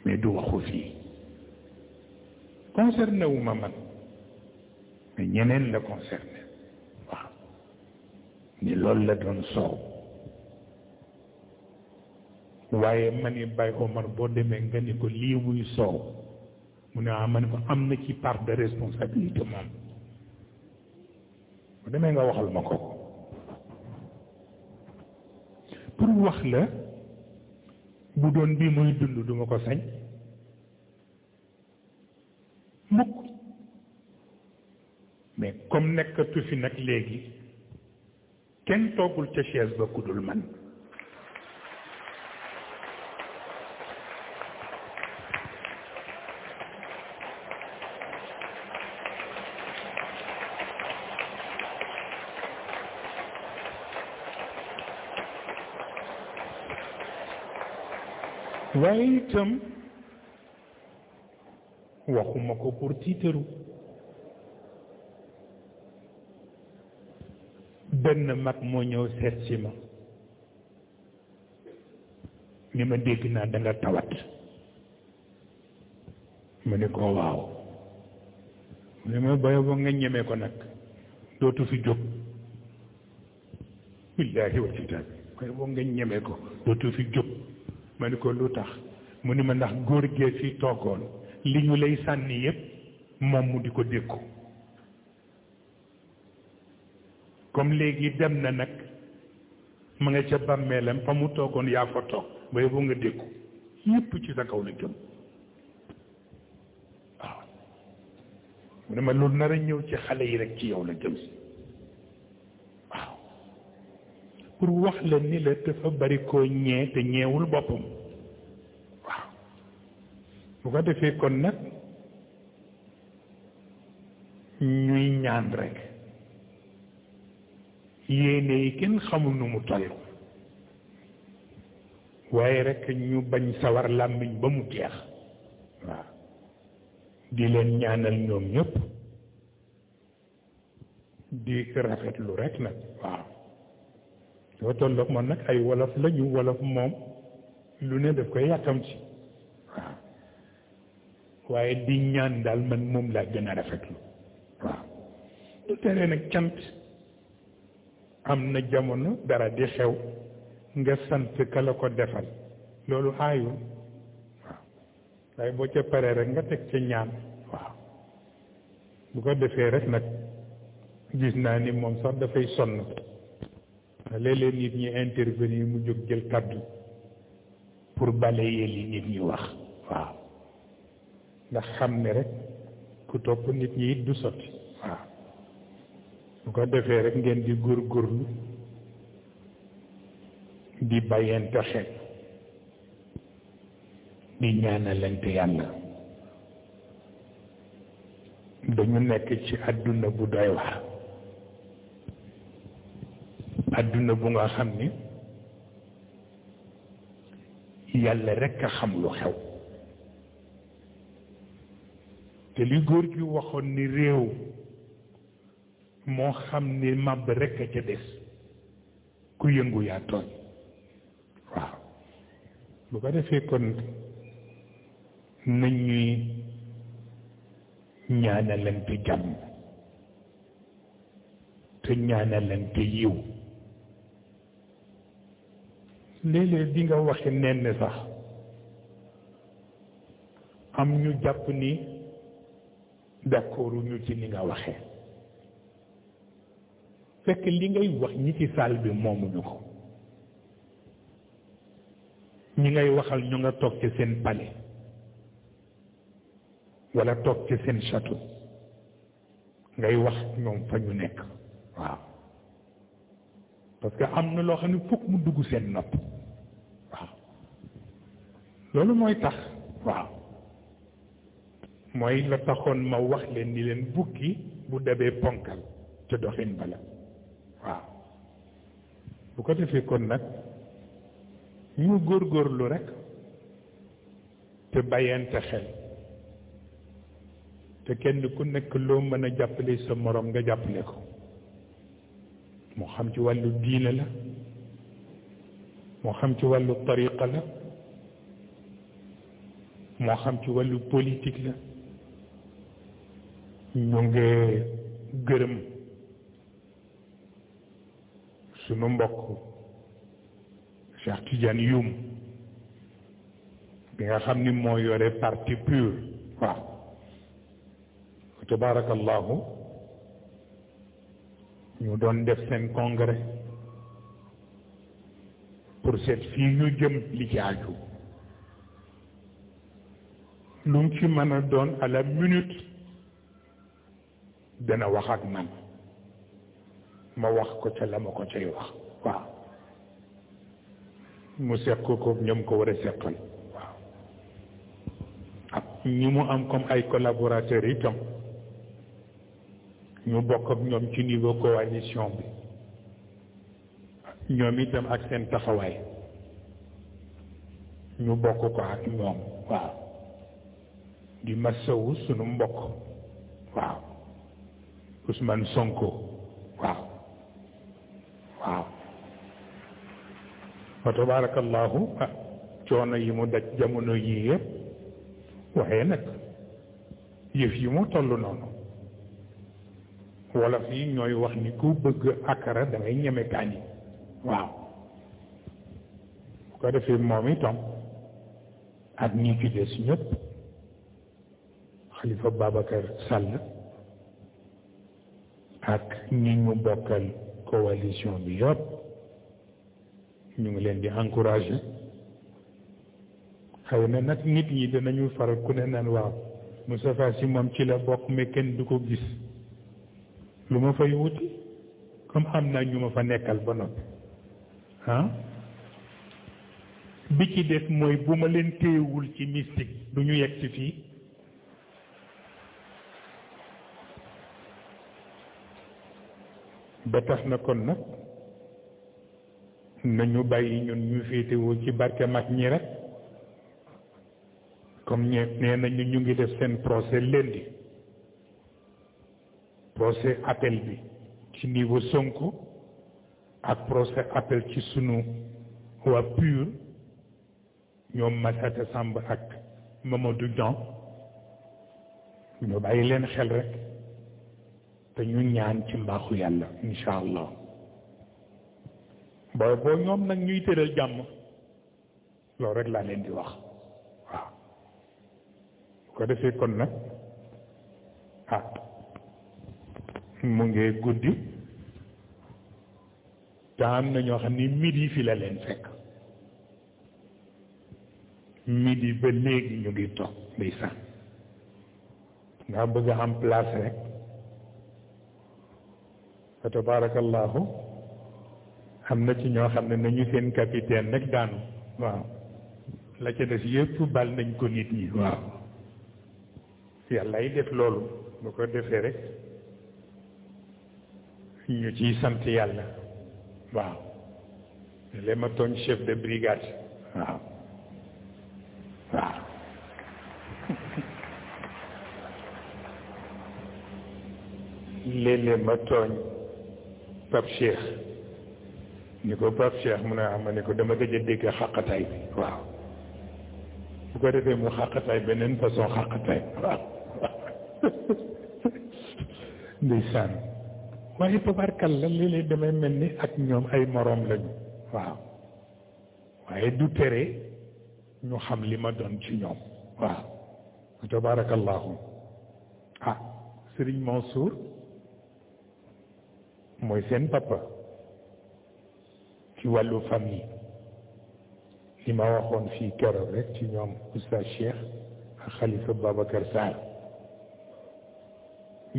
mais du waxu fii concerné wu ma ñeneen la concerné waaw ni loolu la doon soow waaye ma ni Baye Omar boo demee nga ni ko lii muy soow mu ne ah ma ni ko am na ci part de responsabilité moom bu demee nga waxal ma ko pour wax la bu doon bii muy dund duma ko sañ mukk mais comme nekkatu fi nag léegi kenn toogul ca chaise ba ku dul man waaye itam waxuma ko pour tiitaru benn mag moo ñëw seet si ma ni ma dégg naa da tawat mu ne ko waaw mu ma bayo ba nga ñemee ko nag dootu fi jóg billaahi wa kitaabi bayo nga ñemee ko dootu fi jóg ma ni ko lu tax mu ni ma ndax góor gee fi toogoon li ñu lay sànni yépp moom mu di ko dékku comme léegi dem na nag mu nga ca bàmmeelam fa mu toogoon yaa fa toog ba yóbbu nga dékku yépp ci sa kaw la jëm waaw mu ne ma lu nar ñëw ci xale yi rek ci yow la jëm waaw pour wax la ni la dafa bari koo ñee te ñeewul boppam bu ko defee kon nag ñuy ñaan rek yéene yi kenn xamul nu mu toll waaye rek ñu bañ sawar làmmiñ ba mu jeex waaw di leen ñaanal ñoom ñëpp di rafetlu rek nag waaw yoo tolloog man nag ay wolof lañu wolof moom lu ne daf koy yàkkam ci waaw waaye di ñaan daal man moom laa gën a rafetlu waaw du tere nag cant am na jamono dara di xew nga sant ka la ko defal loolu aayul waaw waaye boo ca paree rek nga teg ca ñaan waaw bu ko defee rek nag gis naa ni moom sax dafay sonn léeg-léeg nit ñi intervenir mu jóg jël kàddu pour balayer li nit ñi wax waaw ndax xam ne rekk ku topp nit ñi du sotti waaw ah. bu ko defee rek ngeen di góorgóorlu di bàyyente xel di ñaanalante yàlla dañu nekk ci àdduna bu doy waar àdduna bu nga xam ni yàlla rek a xam lu xew te li góor gi waxoon ni réew moo xam ni màbb rekk a ca des ku yëngu yaa tooñ waaw bu ko defee kon nañ ñuy ñaanalante jàmm te ñaanalante yiw léeg-léeg di nga waxi nenn sax am ñu jàpp ni d'accord ñu ci ni nga waxee fekk li ngay wax ñi ci saal bi moomuñu ko ñi ngay waxal ñu nga toog ci seen palais wala toog ci seen château ngay wax ñoom fa ñu nekk waaw parce que am na loo xam ne fokk mu dugg seen nopp waaw loolu mooy tax waaw mooy la taxoon ma wax leen ni leen bukki bu dabee ponkal ca doxin bala waaw bu ko defee kon nag ñu góorlu rekk te bàyyante xel te kenn ku nekk loo mën a jàppale sa moroom nga jàppale ko moo xam ci wàllu diine la moo xam ci wàllu tariqa la moo xam ci wàllu politique la ñu nga gërëm sunu mbokk Cheikh Tidiane Youm bi nga xam ni moo yore parti pur waaw tabarakallahu ñu doon def seen congrès pour seet fii ñu jëm li ci lu mu ci mën a doon à minute dana wax ak man ma wax ko ca la ma ko cay wax waaw mu seq ko ñoom ko war a seqal waaw ak ñi mu am comme ay collaborateurs itam ñu bokk ak ñoom ci niveau coalition bi ñoom itam ak seen taxawaay ñu bokk ko ak ñoom waaw di masawu sunu mbokk waaw Ousmane Sonko waaw waaw fa tabarakallahu ah, coono yi mu daj jamono yii yëpp waxee nag yëf yi mu toll noonu wolof yi ñooy wax ni ku bëgg akara da ngay ñeme kaani waaw bu ko defee moom itam ak ñi ki des ñëpp xalifa Babacar Sall ak ñi ñu bokkal coalition bi yëpp ñu ngi leen di encouragé xëy na nag nit ñi danañu faral ku ne naan waaw Moustapha si moom ci la bokk mais kenn du ko gis lu ma fay wuti comme am naa ñu ma fa nekkal ba noppi ah? bi ci des mooy bu ma leen téyewul ci mystique du ñu yegg ci fii ba tax na kon nag ñu bàyyi ñun ñu féetewoo ci barke mag ñi rek comme ñe nee nañu ñu ngi def seen procès lundi procès appel bi ci niveau Sonko ak procès appel ci sunu waa PUR ñoom Massata Samb ak Mamadou Dian ñu bàyyi leen xel rek te ñu ñaan ci mbaaxu yàlla insha allah booy boo ñoom nag ñuy tëral jàmm loolu rek laa leen di wax waaw bu ko defee kon nag ah, mu ngi guddi te am na ñoo xam ni midi fi la leen fekk midi ba léegi ñu ngi toog ndeysaan nga bëgg am place rek fa tabaarakallaahu xam na ci ñoo xam ne nañu seen capitaine rek daanu waaw la des yëpp bal nañ ko nit yi waaw yàllaay def loolu bu ko defee rek ñu ciy sant yàlla waaw le ma tooñ chef de brigade waaw waaw léeg ma tooñ Pape Cheikh ni ko Pape Cheikh mu ne ah ma ne ko dama dégg xàqataay bi waaw bu ko defee mu xàqataay beneen façon xàqataay waaw ndeysaan waaye tabarkal la léeg-léeg damay mel ni ak ñoom ay moroom lañu waaw waaye du tere ñu xam li ma doon ci ñoom waaw tabarakallahu ah Serigne Mansour mooy seen papa ci wàllu famille li ma waxoon fii keroog rek ci ñoom oustaz Cheikh ak xalifa Babacar Sarr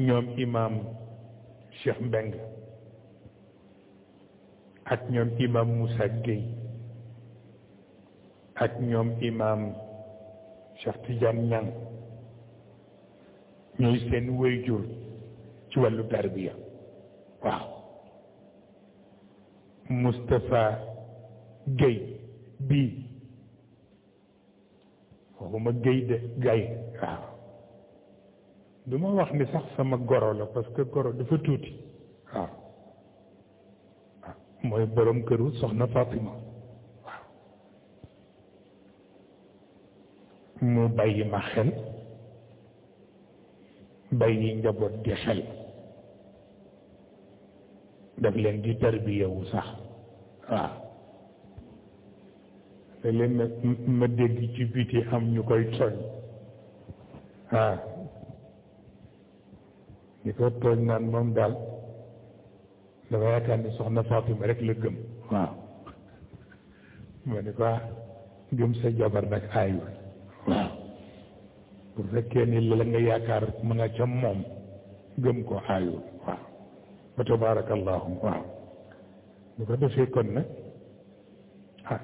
ñoom imam Cheikh Mbeng ak ñoom imam Moussa Gueye ak ñoom imam Cheikh Tidiane Niang ñooy seen wéyjur ci wàllu tarbiya waaw Moustapha Guèye bii waxuma Guèye de Gaye waaw du ma wax ni sax sama goro la parce que goro dafa tuuti waaw waaw ah, mooy borom këru soxna Fatima waaw mu bàyyi ma xel bàyyi njaboot di xel daf leen di tarbiyewu sax waaw te leen nag ma dégg ci biti am ñu koy tooñ waaw ñu ko tooñ naan moom daal dafa yaakaar ni soxna Fatima rek la gëm waaw ma ni ko ah, gëm sa jabar nag aayul waaw bu fekkee ni la nga yaakaar mu nga ca moom gëm ko aayul fa tabaarakallaahu waaw bu ko defee kon nag ah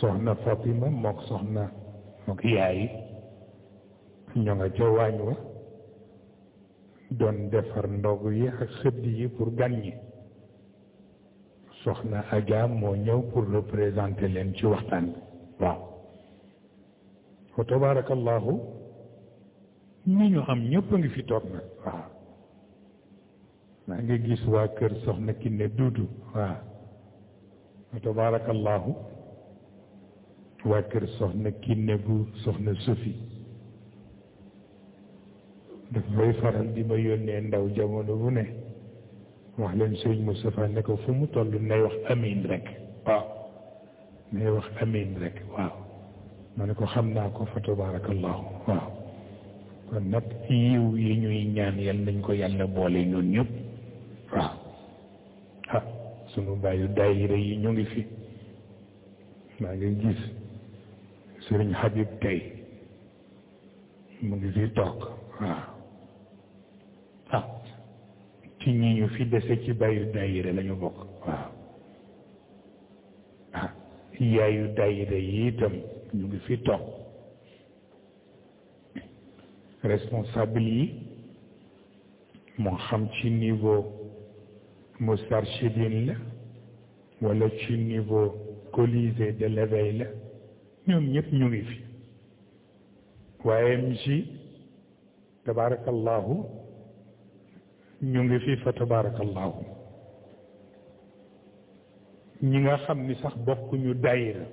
soxna Fatima mook soxna mook yaay ñoo nga ca waañ wa doon defar ndog yi ak sëdd yi pour gan ñi soxna Adja moo ñëw pour représenter leen ci waxtaan bi waaw fa tabaarakallaahu ñi ñu am ñëpp a ngi fi toog nag waaw maa ngi gis waa kër soxna Kiné Duudu waaw wa tabarakallahu waa kër soxna Kiné bu soxna Sufi daf may faral di ma yónnee ndaw jamono bu ne wax leen sëñ Moustapha ne ko fu mu toll nay wax amin rek waaw nay wax amin rek waaw ma ko xam naa ko fa tabarakallahu waaw kon nag yiw yi ñuy ñaan yal nañ ko yàlla boole ñun ñëpp waaw ah sunu bàyyu daayira yi ñu ngi fi maa ngi gis sëriñ Habib Kay mu ngi fi toog waaw ah ci ñi ñu fi dese ci bàyyu daayira la ñu bokk waaw ah yu daayira yi itam ñu ngi fi toog responsable yi moo xam ci niveau Moustarchidine la wala ci niveau Colisée de l'éveil la ñoom ñëpp ñu ngi fi waaye msi tabarakallahu ñu ngi fi fa tabarakallahu ñi nga xam ni sax bokkuñu dayira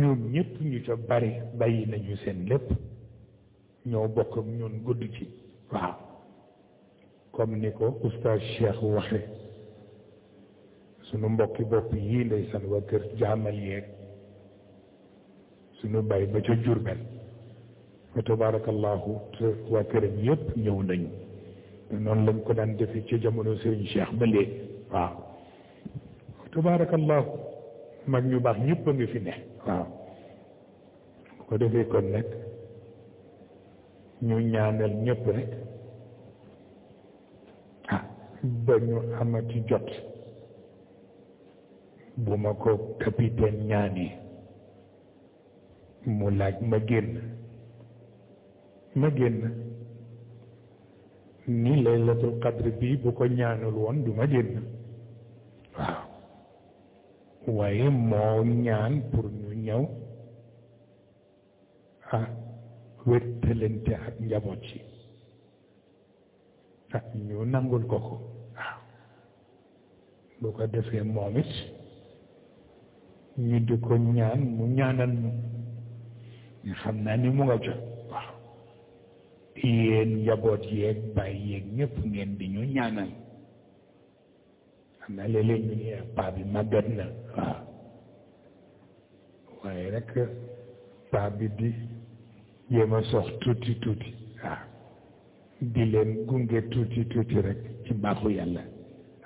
ñoom ñëpp ñu ca bari bàyyi nañu seen lépp ñoo bokk ak gudd ci waaw comme ni ko oustaz Cheikh waxe sunu mbokki bopp yii ndeysaan waa kër jaamal yeeg sunu bàyyi ba ca Jurbel fa tabarakallahu te waa këram yépp ñëw nañu te noonu lañ ko daan defe ci jamono Serigne Cheikh ba léegi waaw tabarakallahu mag ñu baax ñëpp a ngi fi ne waaw ko defee kon nag ñu ñaanal ñëpp rek ba ñu amati jot bu ma ko capitaine ñaani mu laaj ma génn ma génn ni laylatul qadr bi bu ko ñaanul woon du ma génn waaw waaye moo ñaan pour ñu ñëw ah wéttalante ak njaboot yi ñu nangul ko ko waaw bu ko defee moom it ñu di ko ñaan mu ñaanal ñu ñu xam naa ni mu nga jot waaw yéen njaboot yeeg bàyyi ñëpp ngeen di ñu ñaanal xam naa léeg ñu ne paa bi màggat na waaw waaye rek paa di jéem sox tuuti tuuti waaw di leen gunge tuuti tuuti rek ci baaxu yàlla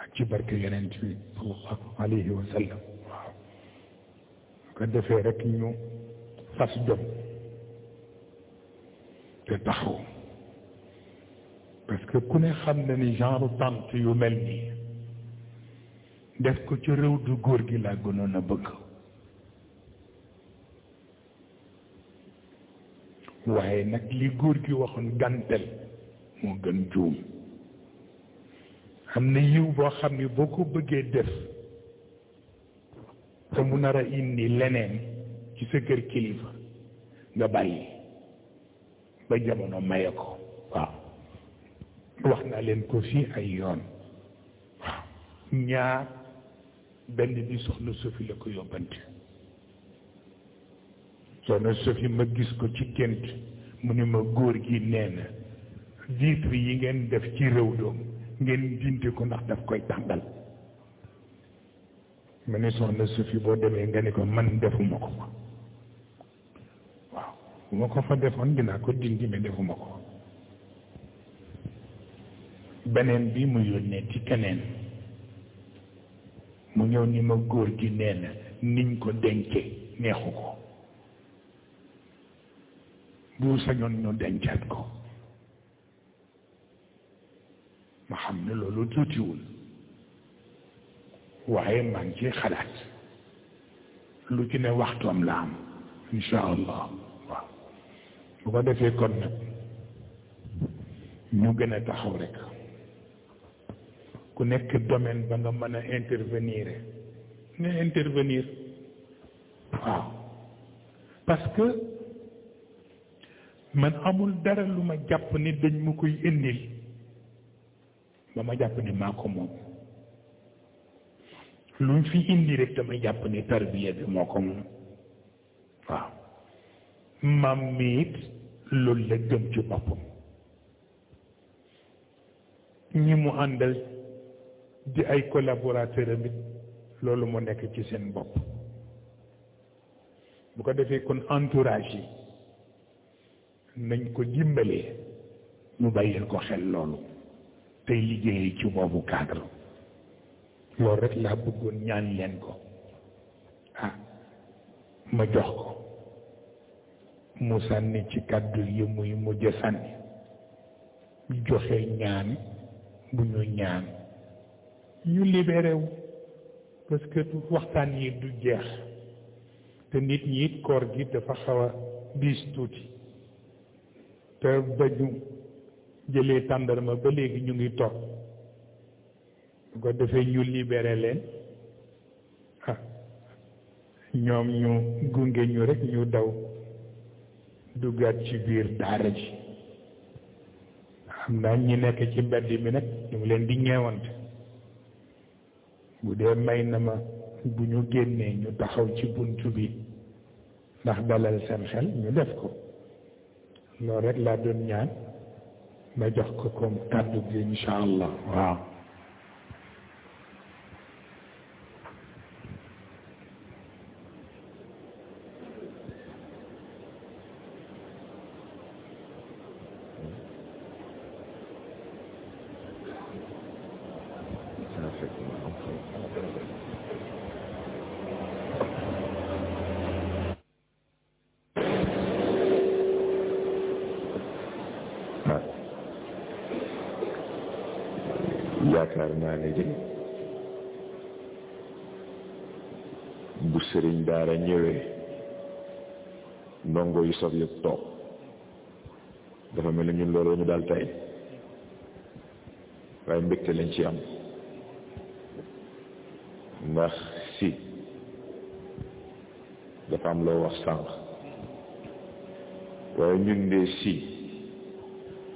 ak ci barke yonent bi sallallahu alayhi wa sallam ko defee rek ñu fas jom te taxaw parce que ku ne xam na ni genre tante yu mel nii def ko ci réew du góor gi laa gënoon a bëgg waaye nag li góor gi waxoon gantel moo gën juum am na yiw boo xam ne boo ko bëggee def te nar a indi leneen ci sa kër kilifa nga bàyyi ba jamono maye ko waaw wax naa leen ko fii ay yoon waaw ñaar benn bi soxna Sofi la ko yóbbante soxna Sofi ma gis ko ci gént mu ne ma góor gi nee na vitre yi ngeen def ci réew doom ngeen dindi ko ndax daf koy tàngal mu ne soxna su fi boo demee nga ne ko man defuma ko ma waaw bu ma ko fa defoon dinaa ko dindi mais defuma ko beneen bi mu yónnee ci keneen mu ñëw ni ma góor gi nee na niñ ko dencee neexu ko sa sañoon ñu dencaat ko ma xam ne loolu tuutiwul waaye maa ngi ciy xalaat lu ci ne waxtoom la am incha allah waaw bu ko defee kon nag ñu gën a taxaw rek ku nekk domaine ba nga mën a intervenir ne intervenir waaw parce que man amul dara lu ma jàpp ni dañ mu koy indil ba ma jàpp ni maa ko moom lu mu fi indi rek dama jàpp ni tarbiya bi moo ko moom waaw maam mi it loolu la gëm ci boppam ñi mu àndal di ay collaborateur am it loolu moo nekk ci seen bopp bu ko defee kon entourage yi nañ ko dimbalee ñu bàyyil ko xel loolu tey liggéeyee ci boobu cadre loolu rek laa bëggoon ñaan leen ko ah ma jox ko mu sànni ci kàddu yi muy mujj sànni joxe ñaan bu ñu ñaan ñu libéré parce que waxtaan yi du jeex te nit ñi it koor gi dafa xaw diis tuuti te bañu jëlee tàndarma ba léegi ñu ngi toog bu ko defee ñu libéré leen ah. ñoom ñu gunge ñu rek ñu daw duggaat ci biir daara ji xam naa ñi nekk ci mbedd mi nag ñu leen di ñeewante bu dee may na ma bu ñu génnee ñu taxaw ci buntu bi ndax dalal seen xel ñu def ko loolu rek laa doon ñaan ma jox ko comme kàddu gi incha allah waaw soog yëpp toog dafa mel ni ñun loolu ñu daal tey waaye mbégte lañ ci am ndax si dafa am loo wax sànq waaye ñun de si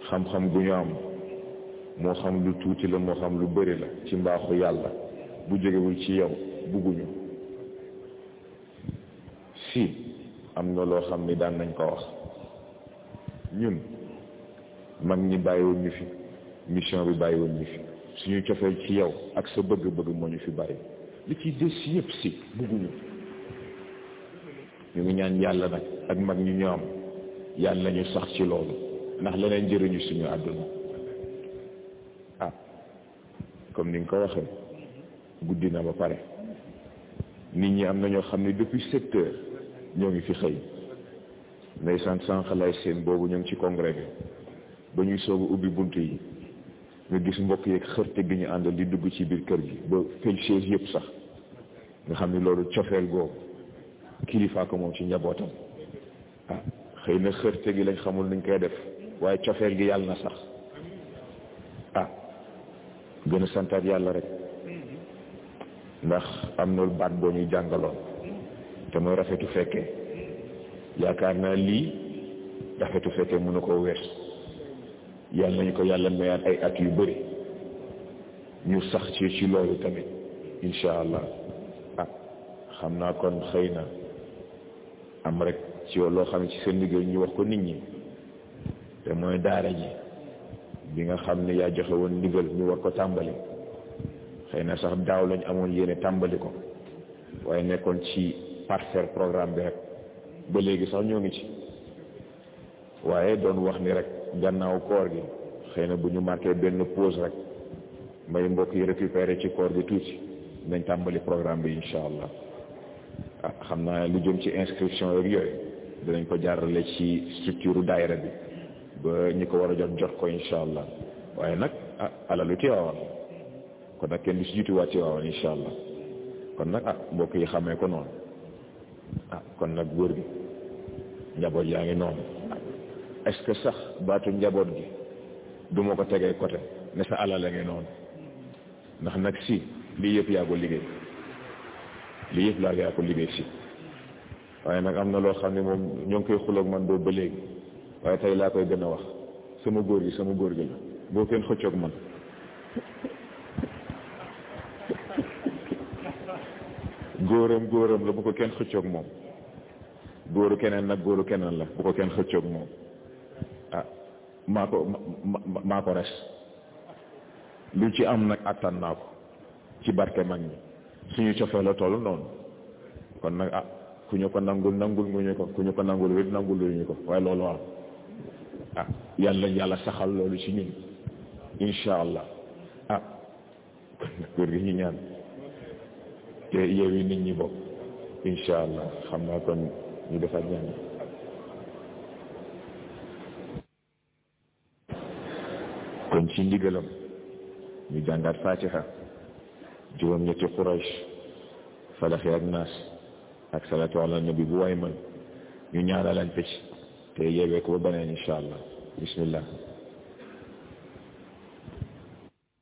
xam-xam gu ñu am moo xam lu tuuti la moo xam lu bëri la ci mbaaxu yàlla bu jógewul ci yow bugguñu si am na loo xam ni daan nañ ko wax ñun mag ñi bàyyiwuñ fi mission bi bàyyiwuñ ñu fi suñu cofeel ci yow ak sa bëgg-bëgg moo ñu fi bàyyi li ci des yëpp si bëgguñu ñu ngi ñaan yàlla nag ak mag ñu ñoo am yàlla ñu sax ci loolu ndax leneen jëriñu suñu àdduna ah, comme ni nga ko waxee guddi na ba pare nit ñi am na ñoo xam ne depuis sept ñoo ngi fi xëy ndeysaan sànq lay seen boobu ñoo ngi ci congrès bi ba ñuy soogu ubbi bunt yi nga gis mbokk yeeg xërte gi ñu àndal di dugg ci biir kër gi ba fël chaise yëpp sax nga xam ni loolu cofeel googu kilifaa ko moom ci njabootam ah xëy na xërte gi lañ xamul nuñ koy def waaye cofeel gi yàlla na sax ah gën a santaat yàlla rek ndax am na baat boo ñuy jàngaloon te mooy rafetu fekke yaakaar naa lii rafetu fekke mën na koo wees yàlla nañu ko yàlla mayaat ay at yu bari ñu sax ci ci loolu tamit incha allah ah xam naa kon xëy na am rek ci loo xam ne ci seen liggéey ñu wax ko nit ñi te mooy daara ji bi nga xam ne yaa joxe woon ndigal ñu war ko tàmbali xëy na sax daaw lañ amoon yéene tàmbali ko waaye nekkoon ci parfaire programme bi rek ba léegi sax ñoo ngi ci waaye doon wax ni rek gànnaaw koor gi xëy na bu ñu marqué benn pose rek may mbokk yi récupéré ci koor gi tuuti nañ tàmbali programme bi incha allah ah, xam naa lu jëm ci inscription yeeg yooyu danañ ko jaarale ci structure daayira bi ba ñi ko war a jot jot ko incha allah waaye nag ah alalu Tiwaawan kon nag kenn du si jiitu waa Tiwaawan incha allah kon nag ah mbokk yi xamee ko noonu. ah kon nag góor gi njaboot yaa ngi noonu est-ce sax baatu njaboot gi du ma ko tegee côté ne sa alal la ngi noonu ndax nag si lii yëpp yaa ko liggéey lii yëpp laa yaa ko liggéey si waaye nag am na loo xam ne moom ñoo ngi koy xuloog man boobu ba léegi waaye tey laa koy gën a wax sama góor gi sama góor gi la boo kenn xëccoog man góoram góoram la bu ko kenn xëccoog moom góoru keneen nag góoru keneen la bu ko kenn xëccoog moom ah maa ko maa ko res lu ci am nag attan naa ko ci barke mag ñi suñu cofee la toll noonu kon nag ah ku ñu ko nangul nangul nguñu ko ku ñu ko nangul wit nangul ñu ko waaye loolu am ah yan lañ yàlla saxal loolu ci ñun incha allah ah góor gi ñu ñaan te yeewi nit ñi bopp insha allah xam naa kon ñu defar jàng kon ci ndigalam ñu jàngaat fatiha juróom ñetti Quraysh falaxi ak naas ak salatu ala nabi bu waay man ñu ñaanalante ci te yeewee ko ba baneen insha allah bismillah